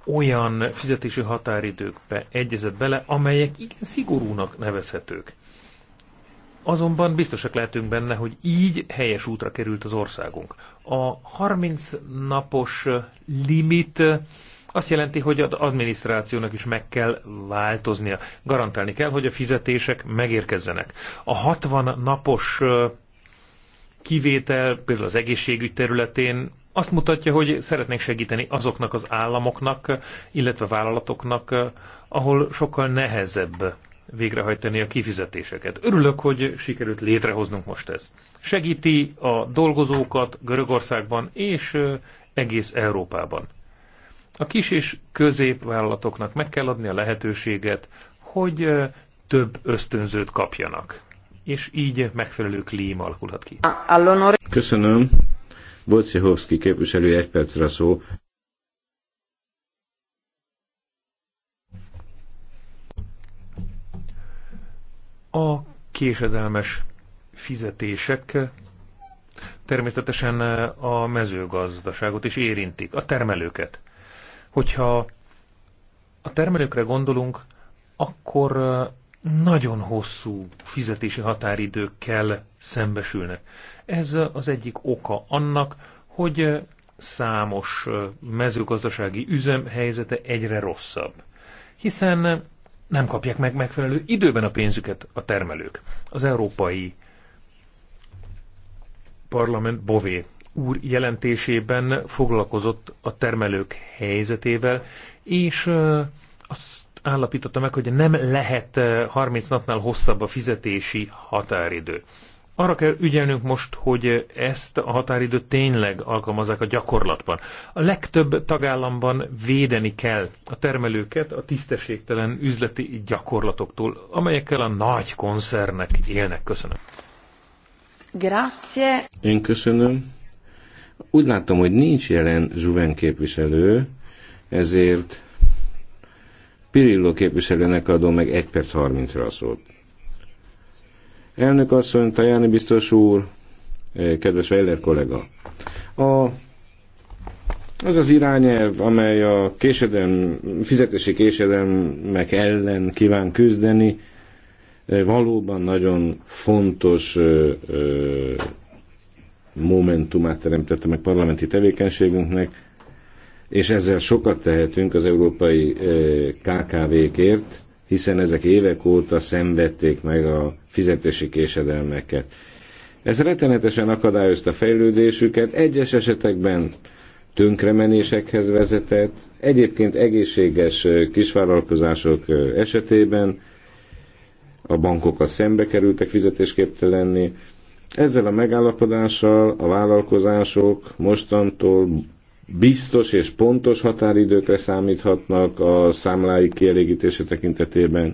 olyan fizetési határidőkbe egyezett bele, amelyek igen szigorúnak nevezhetők. Azonban biztosak lehetünk benne, hogy így helyes útra került az országunk. A 30 napos limit azt jelenti, hogy az adminisztrációnak is meg kell változnia. Garantálni kell, hogy a fizetések megérkezzenek. A 60 napos kivétel például az egészségügy területén azt mutatja, hogy szeretnék segíteni azoknak az államoknak, illetve vállalatoknak, ahol sokkal nehezebb végrehajtani a kifizetéseket. Örülök, hogy sikerült létrehoznunk most ez. Segíti a dolgozókat Görögországban és egész Európában. A kis és középvállalatoknak meg kell adni a lehetőséget, hogy több ösztönzőt kapjanak, és így megfelelő klíma alakulhat ki. Köszönöm. Wojciechowski képviselő egy percre szó. A késedelmes fizetések természetesen a mezőgazdaságot is érintik, a termelőket. Hogyha a termelőkre gondolunk, akkor nagyon hosszú fizetési határidőkkel szembesülnek. Ez az egyik oka annak, hogy számos mezőgazdasági üzem helyzete egyre rosszabb, hiszen nem kapják meg megfelelő időben a pénzüket a termelők. Az Európai Parlament Bové úr jelentésében foglalkozott a termelők helyzetével, és azt állapította meg, hogy nem lehet 30 napnál hosszabb a fizetési határidő. Arra kell ügyelnünk most, hogy ezt a határidőt tényleg alkalmazzák a gyakorlatban. A legtöbb tagállamban védeni kell a termelőket a tisztességtelen üzleti gyakorlatoktól, amelyekkel a nagy koncernek élnek. Köszönöm. Grazie. Én köszönöm. Úgy látom, hogy nincs jelen Zsuven képviselő, ezért Pirillo képviselőnek adom meg 1 perc 30-ra a szót. Elnök asszony, Tajáni biztos úr, eh, kedves Weiler kollega. A az az irányelv, amely a késedem, fizetési késedelmek ellen kíván küzdeni, eh, valóban nagyon fontos ö, eh, ö, momentumát teremtette meg parlamenti tevékenységünknek és ezzel sokat tehetünk az európai KKV-kért, hiszen ezek évek óta szenvedték meg a fizetési késedelmeket. Ez rettenetesen akadályozta fejlődésüket, egyes esetekben tönkremenésekhez vezetett, egyébként egészséges kisvállalkozások esetében a bankokat szembe kerültek fizetésképtelenni. Ezzel a megállapodással a vállalkozások mostantól biztos és pontos határidőkre számíthatnak a számláik kielégítése tekintetében,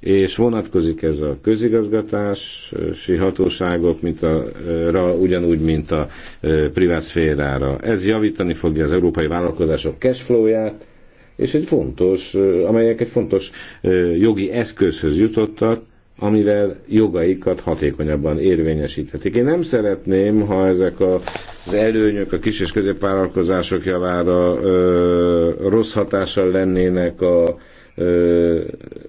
és vonatkozik ez a közigazgatási hatóságok, mint a, ra, ugyanúgy, mint a privát szférára. Ez javítani fogja az európai vállalkozások cashflow-ját, és egy fontos, amelyek egy fontos jogi eszközhöz jutottak, amivel jogaikat hatékonyabban érvényesíthetik. Én nem szeretném, ha ezek a, az előnyök a kis és középvállalkozások javára ö, rossz hatással lennének a, ö,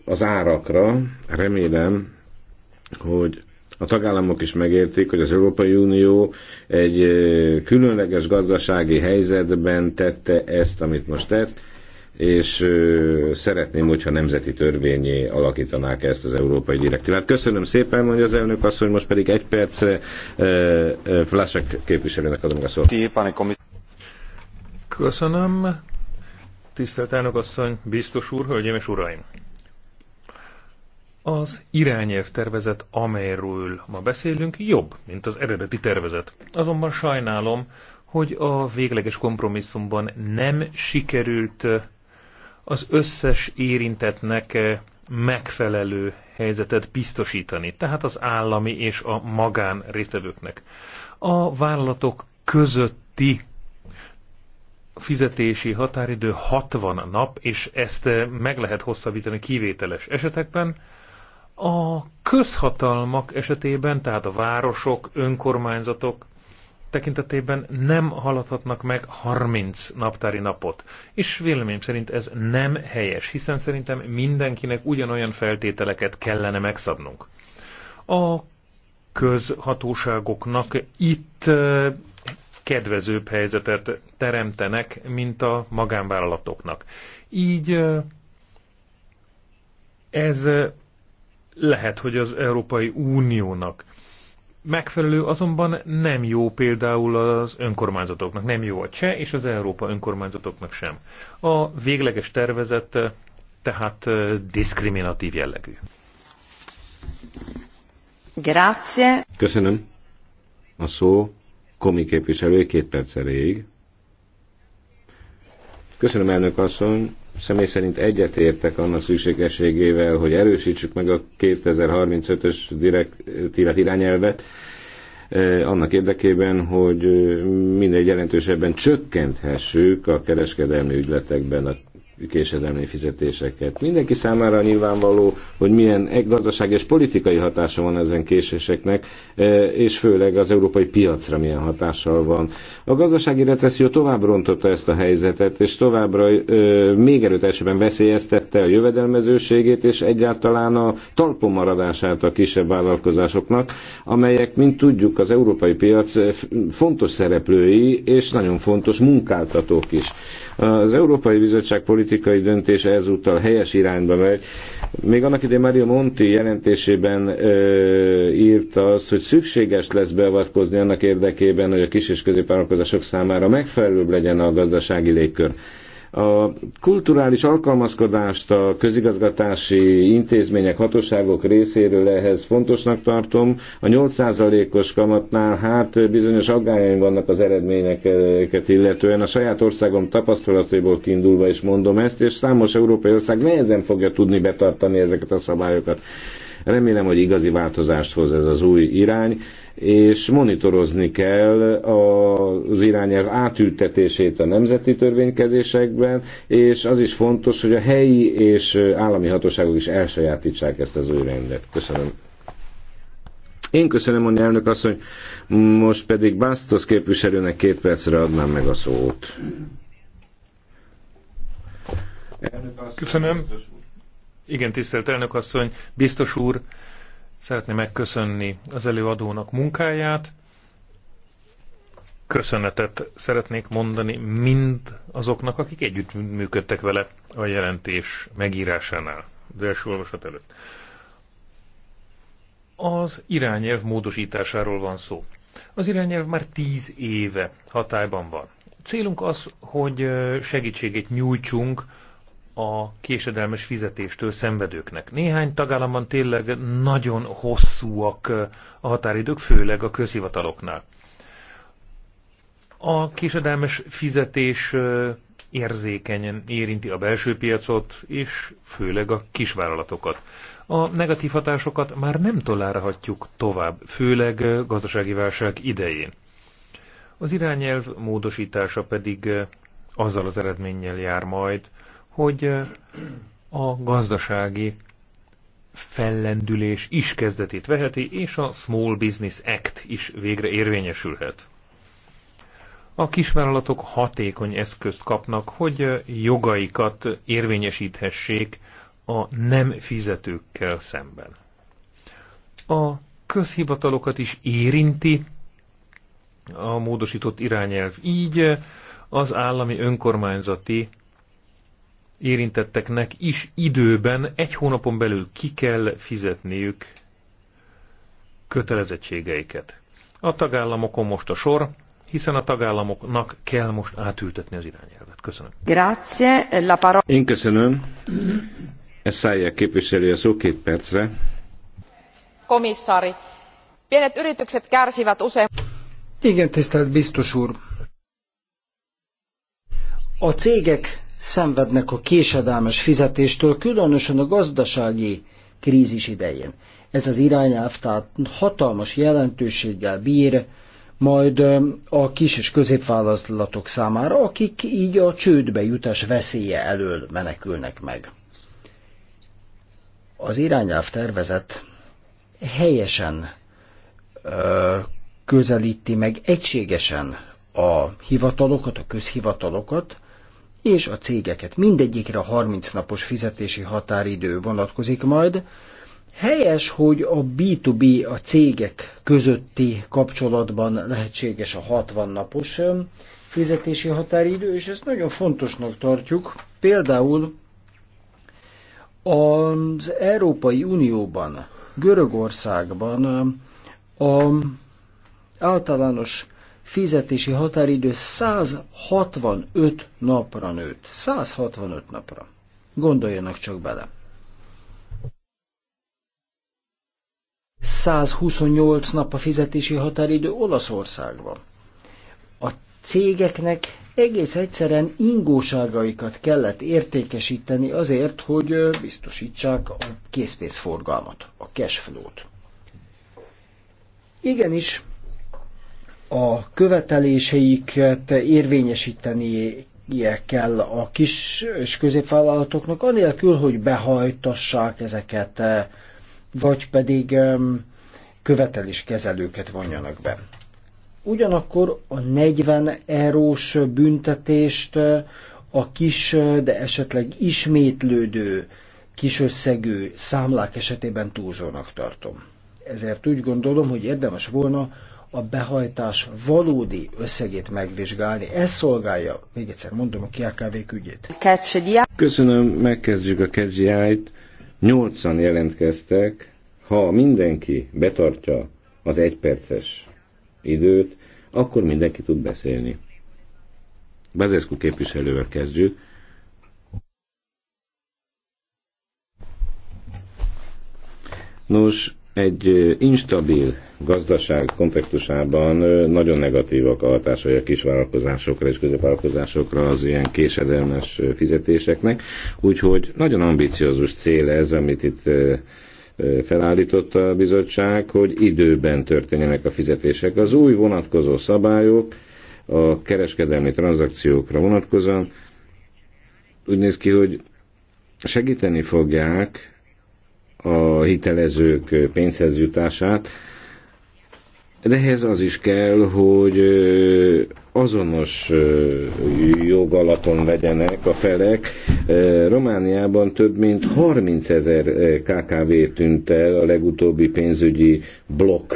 az árakra. Remélem, hogy a tagállamok is megértik, hogy az Európai Unió egy különleges gazdasági helyzetben tette ezt, amit most tett, és szeretném, hogyha nemzeti törvényé alakítanák ezt az európai direktívát. Köszönöm szépen, mondja az elnök asszony, most pedig egy percre Flasek képviselőnek adom a szót. Köszönöm. Tisztelt elnök asszony, biztos úr, hölgyeim és uraim! Az irányelv tervezet, amelyről ma beszélünk, jobb, mint az eredeti tervezet. Azonban sajnálom, hogy a végleges kompromisszumban nem sikerült az összes érintetnek eh, megfelelő helyzetet biztosítani, tehát az állami és a magán résztvevőknek. A vállalatok közötti fizetési határidő 60 nap, és ezt eh, meg lehet hosszabbítani kivételes esetekben. A közhatalmak esetében, tehát a városok, önkormányzatok tekintetében nem haladhatnak meg 30 naptári napot. És véleményem szerint ez nem helyes, hiszen szerintem mindenkinek ugyanolyan feltételeket kellene megszabnunk. A közhatóságoknak itt kedvezőbb helyzetet teremtenek, mint a magánvállalatoknak. Így ez lehet, hogy az Európai Uniónak megfelelő, azonban nem jó például az önkormányzatoknak, nem jó a cseh és az Európa önkormányzatoknak sem. A végleges tervezet eh, tehát eh, diszkriminatív jellegű. Grazie. Köszönöm. A szó komi képviselő két perc elég. Köszönöm, elnök asszony személy szerint egyetértek annak szükségességével, hogy erősítsük meg a 2035-ös direktívet irányelvet, eh, annak érdekében, hogy eh, minél jelentősebben csökkenthessük a kereskedelmi ügyletekben a késedelmi fizetéseket. Mindenki számára nyilvánvaló, hogy milyen e- gazdaság és politikai hatása van ezen késéseknek, e, és főleg az európai piacra milyen hatással van. A gazdasági recesszió tovább rontotta ezt a helyzetet, és továbbra e, még erőteljesebben veszélyeztette a jövedelmezőségét, és egyáltalán a talpon maradását a kisebb vállalkozásoknak, amelyek, mint tudjuk, az európai piac fontos szereplői, és nagyon fontos munkáltatók is. Az Európai Bizottság politikai döntése ezúttal helyes irányba megy. Még annak idején Mario Monti jelentésében ö, írta azt, hogy szükséges lesz beavatkozni annak érdekében, hogy a kis és középvállalkozások számára megfelelőbb legyen a gazdasági légkör. A kulturális alkalmazkodást a közigazgatási intézmények, hatóságok részéről ehhez fontosnak tartom. A 8%-os kamatnál hát bizonyos aggályaim vannak az eredményeket illetően. A saját országom tapasztalataiból kiindulva is mondom ezt, és számos európai ország nehezen fogja tudni betartani ezeket a szabályokat. Remélem, hogy igazi változást hoz ez az új irány, és monitorozni kell az irányelv átültetését a nemzeti törvénykezésekben, és az is fontos, hogy a helyi és állami hatóságok is elsajátítsák ezt az új rendet. Köszönöm. Én köszönöm, mondja elnök asszony, most pedig Bastos képviselőnek két percre adnám meg a szót. Köszönöm. Igen, tisztelt elnök asszony, biztos úr, szeretném megköszönni az előadónak munkáját. Köszönetet szeretnék mondani mind azoknak, akik együtt működtek vele a jelentés megírásánál, az első olvasat előtt. Az irányelv módosításáról van szó. Az irányelv már tíz éve hatályban van. Célunk az, hogy segítségét nyújtsunk a késedelmes fizetéstől szenvedőknek. Néhány tagállamban tényleg nagyon hosszúak a határidők, főleg a közhivataloknál. A késedelmes fizetés érzékenyen érinti a belső piacot, és főleg a kisvállalatokat. A negatív hatásokat már nem tolerálhatjuk tovább, főleg gazdasági válság idején. Az irányelv módosítása pedig azzal az eredménnyel jár majd, hogy a gazdasági fellendülés is kezdetét veheti, és a Small Business Act is végre érvényesülhet. A kisvállalatok hatékony eszközt kapnak, hogy jogaikat érvényesíthessék a nem fizetőkkel szemben. A közhivatalokat is érinti a módosított irányelv. Így az állami önkormányzati érintetteknek is időben, egy hónapon belül ki kell fizetniük kötelezettségeiket. A tagállamokon most a sor, hiszen a tagállamoknak kell most átültetni az irányelvet. Köszönöm. Grazie, la parola. Én köszönöm. Eszája képviselő a szó két percre. Komissári, pienet yritykset kärsivät usein. Igen, tisztelt biztos úr. A cégek szenvednek a késedelmes fizetéstől, különösen a gazdasági krízis idején. Ez az irányelv tehát hatalmas jelentőséggel bír, majd a kis és középvállalatok számára, akik így a csődbe jutás veszélye elől menekülnek meg. Az irányelv tervezet helyesen ö, közelíti meg egységesen a hivatalokat, a közhivatalokat, és a cégeket. Mindegyikre a 30 napos fizetési határidő vonatkozik majd. Helyes, hogy a B2B, a cégek közötti kapcsolatban lehetséges a 60 napos fizetési határidő, és ezt nagyon fontosnak tartjuk. Például az Európai Unióban, Görögországban a általános fizetési határidő 165 napra nőtt. 165 napra. Gondoljanak csak bele. 128 nap a fizetési határidő Olaszországban. A cégeknek egész egyszerűen ingóságaikat kellett értékesíteni azért, hogy biztosítsák a készpénzforgalmat, a cash flow-t. Igenis, a követeléseiket érvényesíteni kell a kis és középvállalatoknak, anélkül, hogy behajtassák ezeket, vagy pedig követeléskezelőket vonjanak be. Ugyanakkor a 40 eurós büntetést a kis, de esetleg ismétlődő kisösszegű számlák esetében túlzónak tartom. Ezért úgy gondolom, hogy érdemes volna a behajtás valódi összegét megvizsgálni. Ez szolgálja, még egyszer mondom, a KKV ügyét. Köszönöm, megkezdjük a KGI-t. Nyolcan jelentkeztek. Ha mindenki betartja az egyperces időt, akkor mindenki tud beszélni. Bazescu képviselővel kezdjük. Nos, egy instabil gazdaság kontextusában nagyon negatívak a hatásai a kisvállalkozásokra és középvállalkozásokra az ilyen késedelmes fizetéseknek, úgyhogy nagyon ambiciózus cél ez, amit itt felállított a bizottság, hogy időben történjenek a fizetések. Az új vonatkozó szabályok a kereskedelmi tranzakciókra vonatkozóan úgy néz ki, hogy segíteni fogják a hitelezők pénzhez jutását, de ehhez az is kell, hogy azonos jogalapon legyenek a felek. Romániában több mint 30 ezer KKV tűnt el a legutóbbi pénzügyi blokk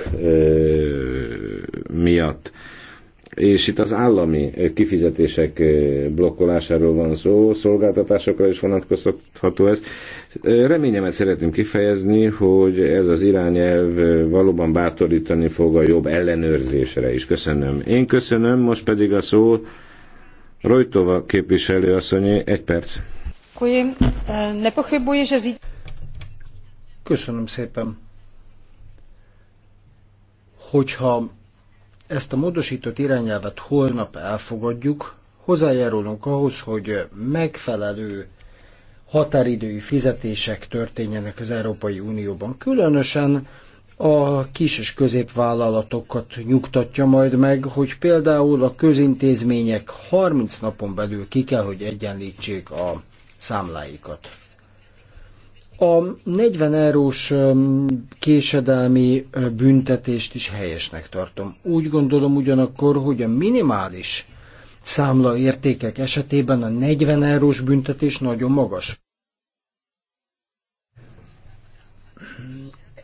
miatt és itt az állami kifizetések blokkolásáról van szó, szolgáltatásokra is vonatkozható ez. Reményemet szeretném kifejezni, hogy ez az irányelv valóban bátorítani fog a jobb ellenőrzésre is. Köszönöm. Én köszönöm, most pedig a szó Rojtova képviselő asszonyi, egy perc. E, köszönöm szépen. Hogyha ezt a módosított irányelvet holnap elfogadjuk, hozzájárulunk ahhoz, hogy megfelelő határidői fizetések történjenek az Európai Unióban. Különösen a kis és középvállalatokat nyugtatja majd meg, hogy például a közintézmények 30 napon belül ki kell, hogy egyenlítsék a számláikat. A 40 eurós késedelmi büntetést is helyesnek tartom. Úgy gondolom ugyanakkor, hogy a minimális számla értékek esetében a 40 eurós büntetés nagyon magas.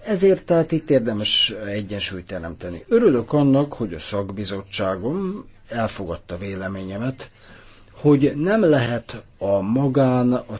Ezért tehát itt érdemes egyensúlyt teremteni. Örülök annak, hogy a szakbizottságom elfogadta véleményemet, hogy nem lehet a magán, a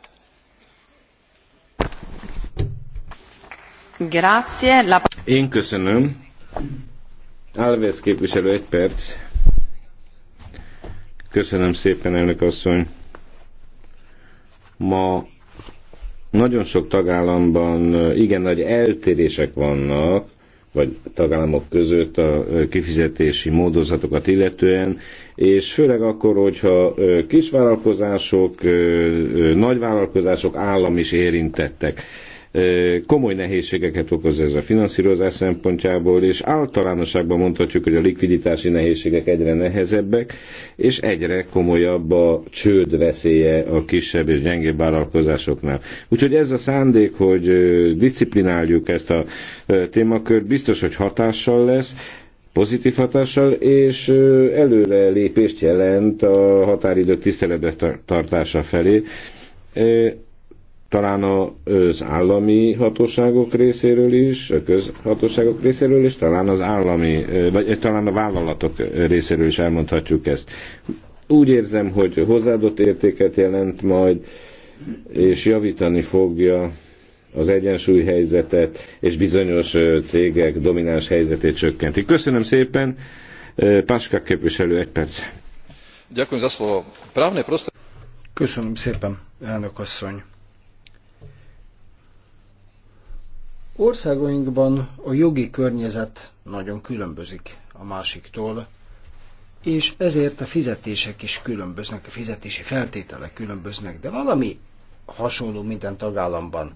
Grazie. La... Én köszönöm. Alves képviselő, egy perc. Köszönöm szépen, elnök asszony. Ma nagyon sok tagállamban igen nagy eltérések vannak, vagy tagállamok között a kifizetési módozatokat illetően, és főleg akkor, hogyha kisvállalkozások, nagyvállalkozások, állam is érintettek. Komoly nehézségeket okoz ez a finanszírozás szempontjából, és általánosságban mondhatjuk, hogy a likviditási nehézségek egyre nehezebbek, és egyre komolyabb a csőd veszélye a kisebb és gyengébb vállalkozásoknál. Úgyhogy ez a szándék, hogy disziplináljuk ezt a témakört, biztos, hogy hatással lesz, pozitív hatással, és előre lépést jelent a határidők tiszteletbe tartása felé talán az állami hatóságok részéről is, a közhatóságok részéről is, talán az állami, vagy talán a vállalatok részéről is elmondhatjuk ezt. Úgy érzem, hogy hozzáadott értéket jelent majd, és javítani fogja az egyensúly helyzetet, és bizonyos cégek domináns helyzetét csökkenti. Köszönöm szépen, Páska képviselő, egy perc. Köszönöm szépen, elnök asszony Országainkban a jogi környezet nagyon különbözik a másiktól, és ezért a fizetések is különböznek, a fizetési feltételek különböznek, de valami hasonló minden tagállamban.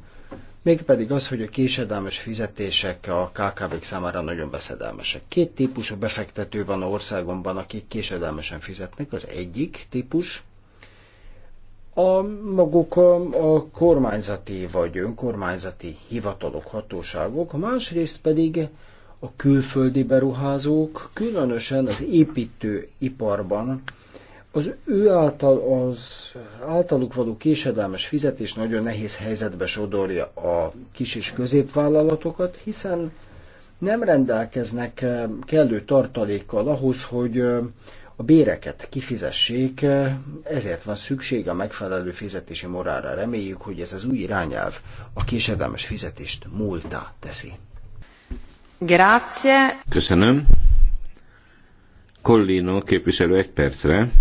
Mégpedig az, hogy a késedelmes fizetések a KKV-k számára nagyon beszedelmesek. Két típusú befektető van a országomban, akik késedelmesen fizetnek. Az egyik típus, a maguk a, a kormányzati vagy önkormányzati hivatalok, hatóságok, másrészt pedig a külföldi beruházók, különösen az építőiparban, az ő által, az általuk való késedelmes fizetés nagyon nehéz helyzetbe sodorja a kis és középvállalatokat, hiszen nem rendelkeznek eh, kellő tartalékkal ahhoz, hogy eh, a béreket kifizessék, ezért van szükség a megfelelő fizetési morálra. Reméljük, hogy ez az új irányelv a késedelmes fizetést múltá teszi. Grazie. Köszönöm. Collino képviselő egy percre.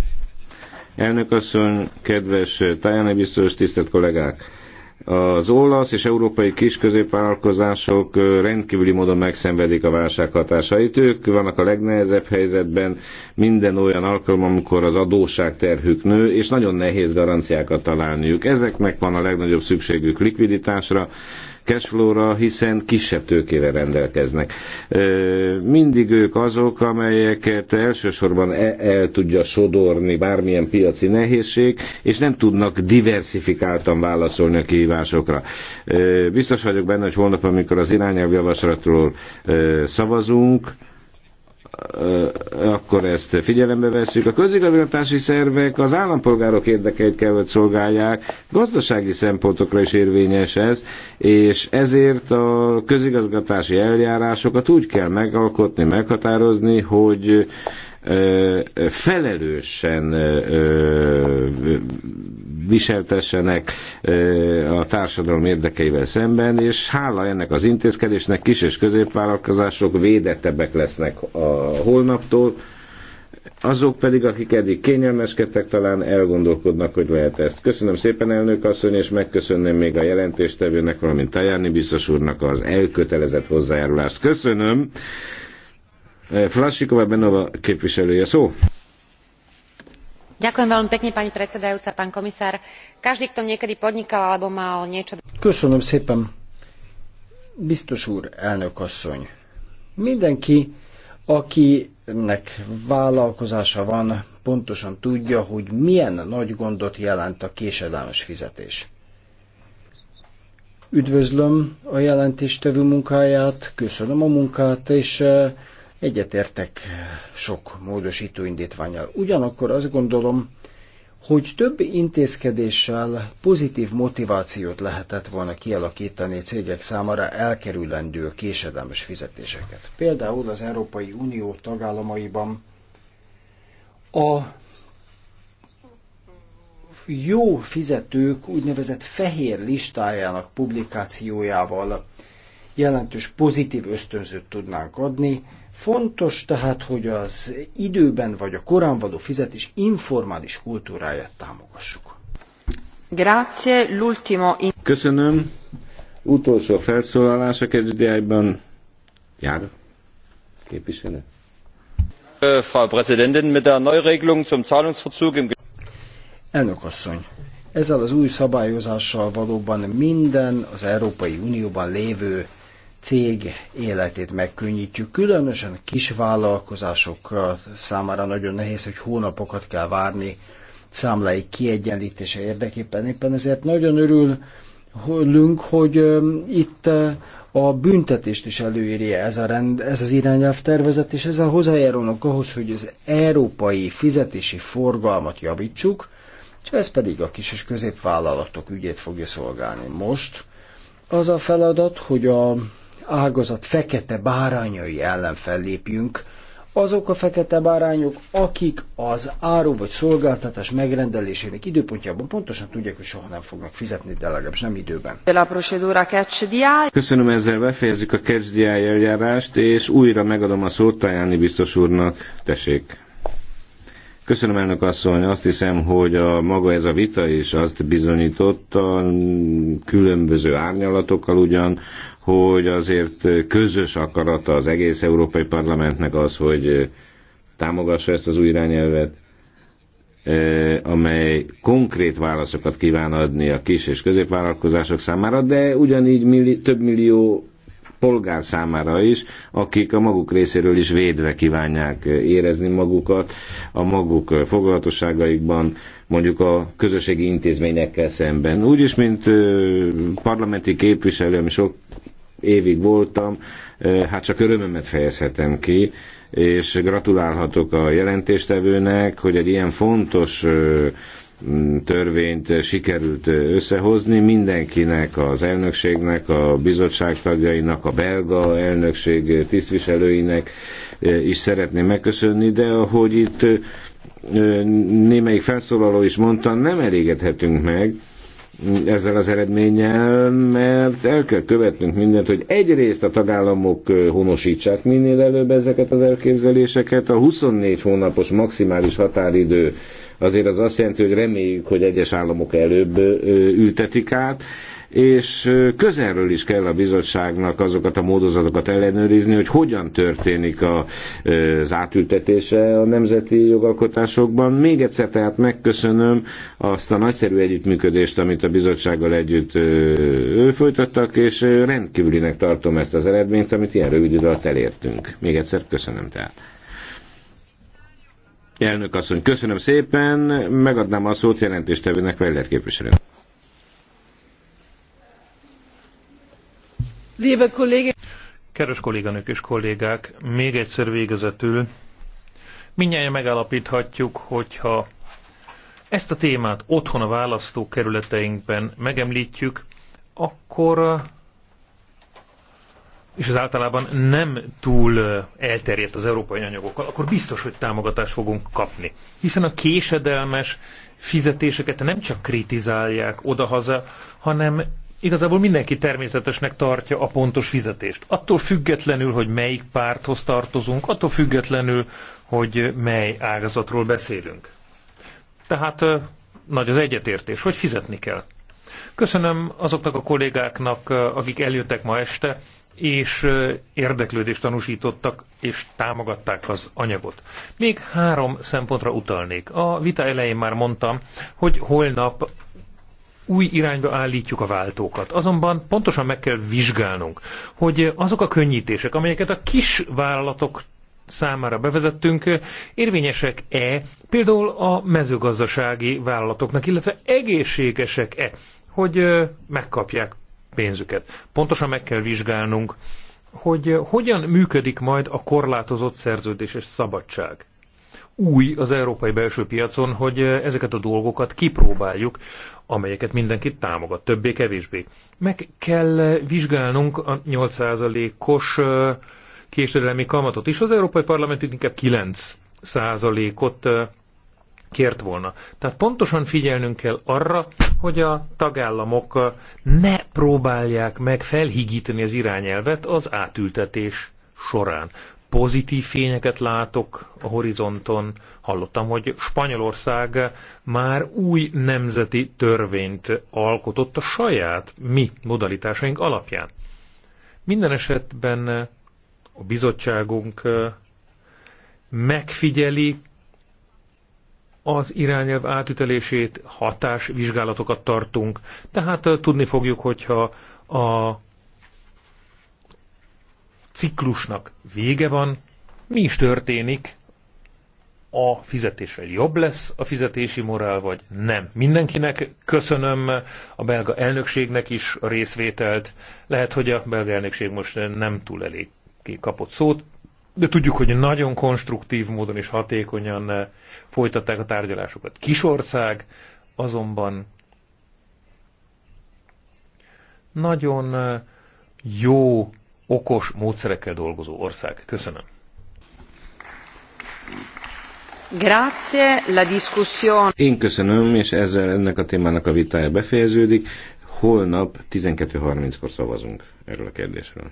Elnök asszony, kedves tájáni biztos, tisztelt kollégák! Az olasz és európai kisközépvállalkozások rendkívüli módon megszenvedik a válság hatásait. Ők vannak a legnehezebb helyzetben minden olyan alkalom, amikor az adósság terhük nő, és nagyon nehéz garanciákat találniuk. Ezeknek van a legnagyobb szükségük likviditásra, cashflow-ra, hiszen kisebb tőkével rendelkeznek. Mindig ők azok, amelyeket elsősorban e- el tudja sodorni bármilyen piaci nehézség, és nem tudnak diversifikáltan válaszolni a kihívásokra. Biztos vagyok benne, hogy holnap, amikor az irányelvjavaslatról szavazunk, akkor ezt figyelembe veszük. A közigazgatási szervek az állampolgárok érdekeit kell, hogy szolgálják, gazdasági szempontokra is érvényes ez, és ezért a közigazgatási eljárásokat úgy kell megalkotni, meghatározni, hogy felelősen viseltessenek a társadalom érdekeivel szemben, és hála ennek az intézkedésnek kis és középvállalkozások védettebbek lesznek a holnaptól, azok pedig, akik eddig kényelmeskedtek, talán elgondolkodnak, hogy lehet ezt. Köszönöm szépen, elnök asszony, és megköszönném még a jelentéstevőnek, valamint Tajáni biztos úrnak az elkötelezett hozzájárulást. Köszönöm! Flasikova Benova képviselője szó každý kto niekedy podnikal alebo mal niečo. köszönöm szépen biztos úr elnök asszony mindenki akinek vállalkozása van pontosan tudja hogy milyen nagy gondot jelent a késedelmes fizetés. Üdvözlöm a jelentéstevő munkáját, köszönöm a munkát, és eh, Egyetértek sok módosító indítványal. Ugyanakkor azt gondolom, hogy több intézkedéssel pozitív motivációt lehetett volna kialakítani cégek számára elkerülendő késedelmes fizetéseket. Például az Európai Unió tagállamaiban a jó fizetők úgynevezett fehér listájának publikációjával jelentős pozitív ösztönzőt tudnánk adni, Fontos tehát, hogy az időben vagy a korán való fizetés informális kultúráját támogassuk. Grazie, l'ultimo. Köszönöm. Utolsó felszólalás a ksdi Jár. Képviselő. Frau Präsidentin, mit der Neuregelung zum Zahlungsverzug im Elnök asszony, ezzel az új szabályozással valóban minden az Európai Unióban lévő cég életét megkönnyítjük. Különösen kis vállalkozások eh, számára nagyon nehéz, hogy hónapokat kell várni számlai kiegyenlítése érdekében. Éppen ezért nagyon örülünk, hogy eh, itt eh, a büntetést is előírja ez, a rend, ez az irányelv tervezet, és ezzel hozzájárulnak ahhoz, hogy az európai fizetési forgalmat javítsuk, és ez pedig a kis és középvállalatok ügyét fogja szolgálni. Most az a feladat, hogy a ágazat fekete bárányai ellen fellépjünk, azok a fekete bárányok, akik az áru vagy szolgáltatás megrendelésének időpontjában pontosan tudják, hogy soha nem fognak fizetni, de legalábbis nem időben. Köszönöm, ezzel befejezzük a catch eljárást, és újra megadom a szót Tajáni biztos úrnak. Tessék! Köszönöm, elnök asszony. Azt hiszem, hogy a maga ez a vita is azt bizonyította, különböző árnyalatokkal ugyan, hogy azért közös akarata az egész Európai Parlamentnek az, hogy támogassa ezt az új irányelvet, eh, amely konkrét válaszokat kíván adni a kis és középvállalkozások számára, de ugyanígy milli, több millió polgár számára is, akik a maguk részéről is védve kívánják érezni magukat, a maguk foglalatosságaikban, mondjuk a közösségi intézményekkel szemben. Úgyis, mint parlamenti képviselő, ami sok évig voltam, hát csak örömömet fejezhetem ki, és gratulálhatok a jelentéstevőnek, hogy egy ilyen fontos törvényt sikerült összehozni. Mindenkinek, az elnökségnek, a bizottság tagjainak, a belga elnökség tisztviselőinek is szeretném megköszönni, de ahogy itt némelyik felszólaló is mondta, nem elégedhetünk meg ezzel az eredménnyel, mert el kell követnünk mindent, hogy egyrészt a tagállamok honosítsák minél előbb ezeket az elképzeléseket, a 24 hónapos maximális határidő azért az azt jelenti, hogy reméljük, hogy egyes államok előbb ültetik át, és közelről is kell a bizottságnak azokat a módozatokat ellenőrizni, hogy hogyan történik a, az átültetése a nemzeti jogalkotásokban. Még egyszer tehát megköszönöm azt a nagyszerű együttműködést, amit a bizottsággal együtt folytattak, és rendkívülinek tartom ezt az eredményt, amit ilyen rövid idő alatt elértünk. Még egyszer köszönöm tehát. Elnök asszony, köszönöm szépen, megadnám a szót jelentéstevőnek Weiler képviselő. Kedves kolléganők és kollégák, még egyszer végezetül mindjárt megállapíthatjuk, hogyha ezt a témát otthon a választókerületeinkben megemlítjük, akkor és az általában nem túl elterjedt az európai anyagokkal, akkor biztos, hogy támogatást fogunk kapni. Hiszen a késedelmes fizetéseket nem csak kritizálják odahaza, hanem igazából mindenki természetesnek tartja a pontos fizetést. Attól függetlenül, hogy melyik párthoz tartozunk, attól függetlenül, hogy mely ágazatról beszélünk. Tehát nagy az egyetértés, hogy fizetni kell. Köszönöm azoknak a kollégáknak, akik eljöttek ma este, és érdeklődést tanúsítottak, és támogatták az anyagot. Még három szempontra utalnék. A vita elején már mondtam, hogy holnap új irányba állítjuk a váltókat. Azonban pontosan meg kell vizsgálnunk, hogy azok a könnyítések, amelyeket a kis vállalatok számára bevezettünk, érvényesek-e például a mezőgazdasági vállalatoknak, illetve egészségesek-e, hogy megkapják pénzüket. Pontosan meg kell vizsgálnunk, hogy eh, hogyan működik majd a korlátozott szerződéses szabadság. Új az európai belső piacon, hogy eh, ezeket a dolgokat kipróbáljuk, amelyeket mindenkit támogat, többé-kevésbé. Meg kell eh, vizsgálnunk a 8%-os késedelmi kamatot is. Az Európai Parlament inkább 9%-ot kért volna. Tehát pontosan figyelnünk kell arra, hogy a tagállamok ne próbálják meg felhigítani az irányelvet az átültetés során. Pozitív fényeket látok a horizonton. Hallottam, hogy Spanyolország már új nemzeti törvényt alkotott a saját mi modalitásaink alapján. Minden esetben a bizottságunk megfigyeli az irányelv átütelését, hatásvizsgálatokat tartunk, tehát tudni fogjuk, hogyha a ciklusnak vége van, mi is történik, a fizetéssel jobb lesz a fizetési morál, vagy nem. Mindenkinek köszönöm a belga elnökségnek is a részvételt. Lehet, hogy a belga elnökség most nem túl elég kapott szót, de tudjuk, hogy nagyon konstruktív módon és hatékonyan eh, folytatták a tárgyalásokat. Kisország azonban nagyon eh, jó, okos módszerekkel dolgozó ország. Köszönöm. Grazie, la discussion. Én köszönöm, és ezzel ennek a témának a vitája befejeződik. Holnap 12.30-kor szavazunk erről a kérdésről.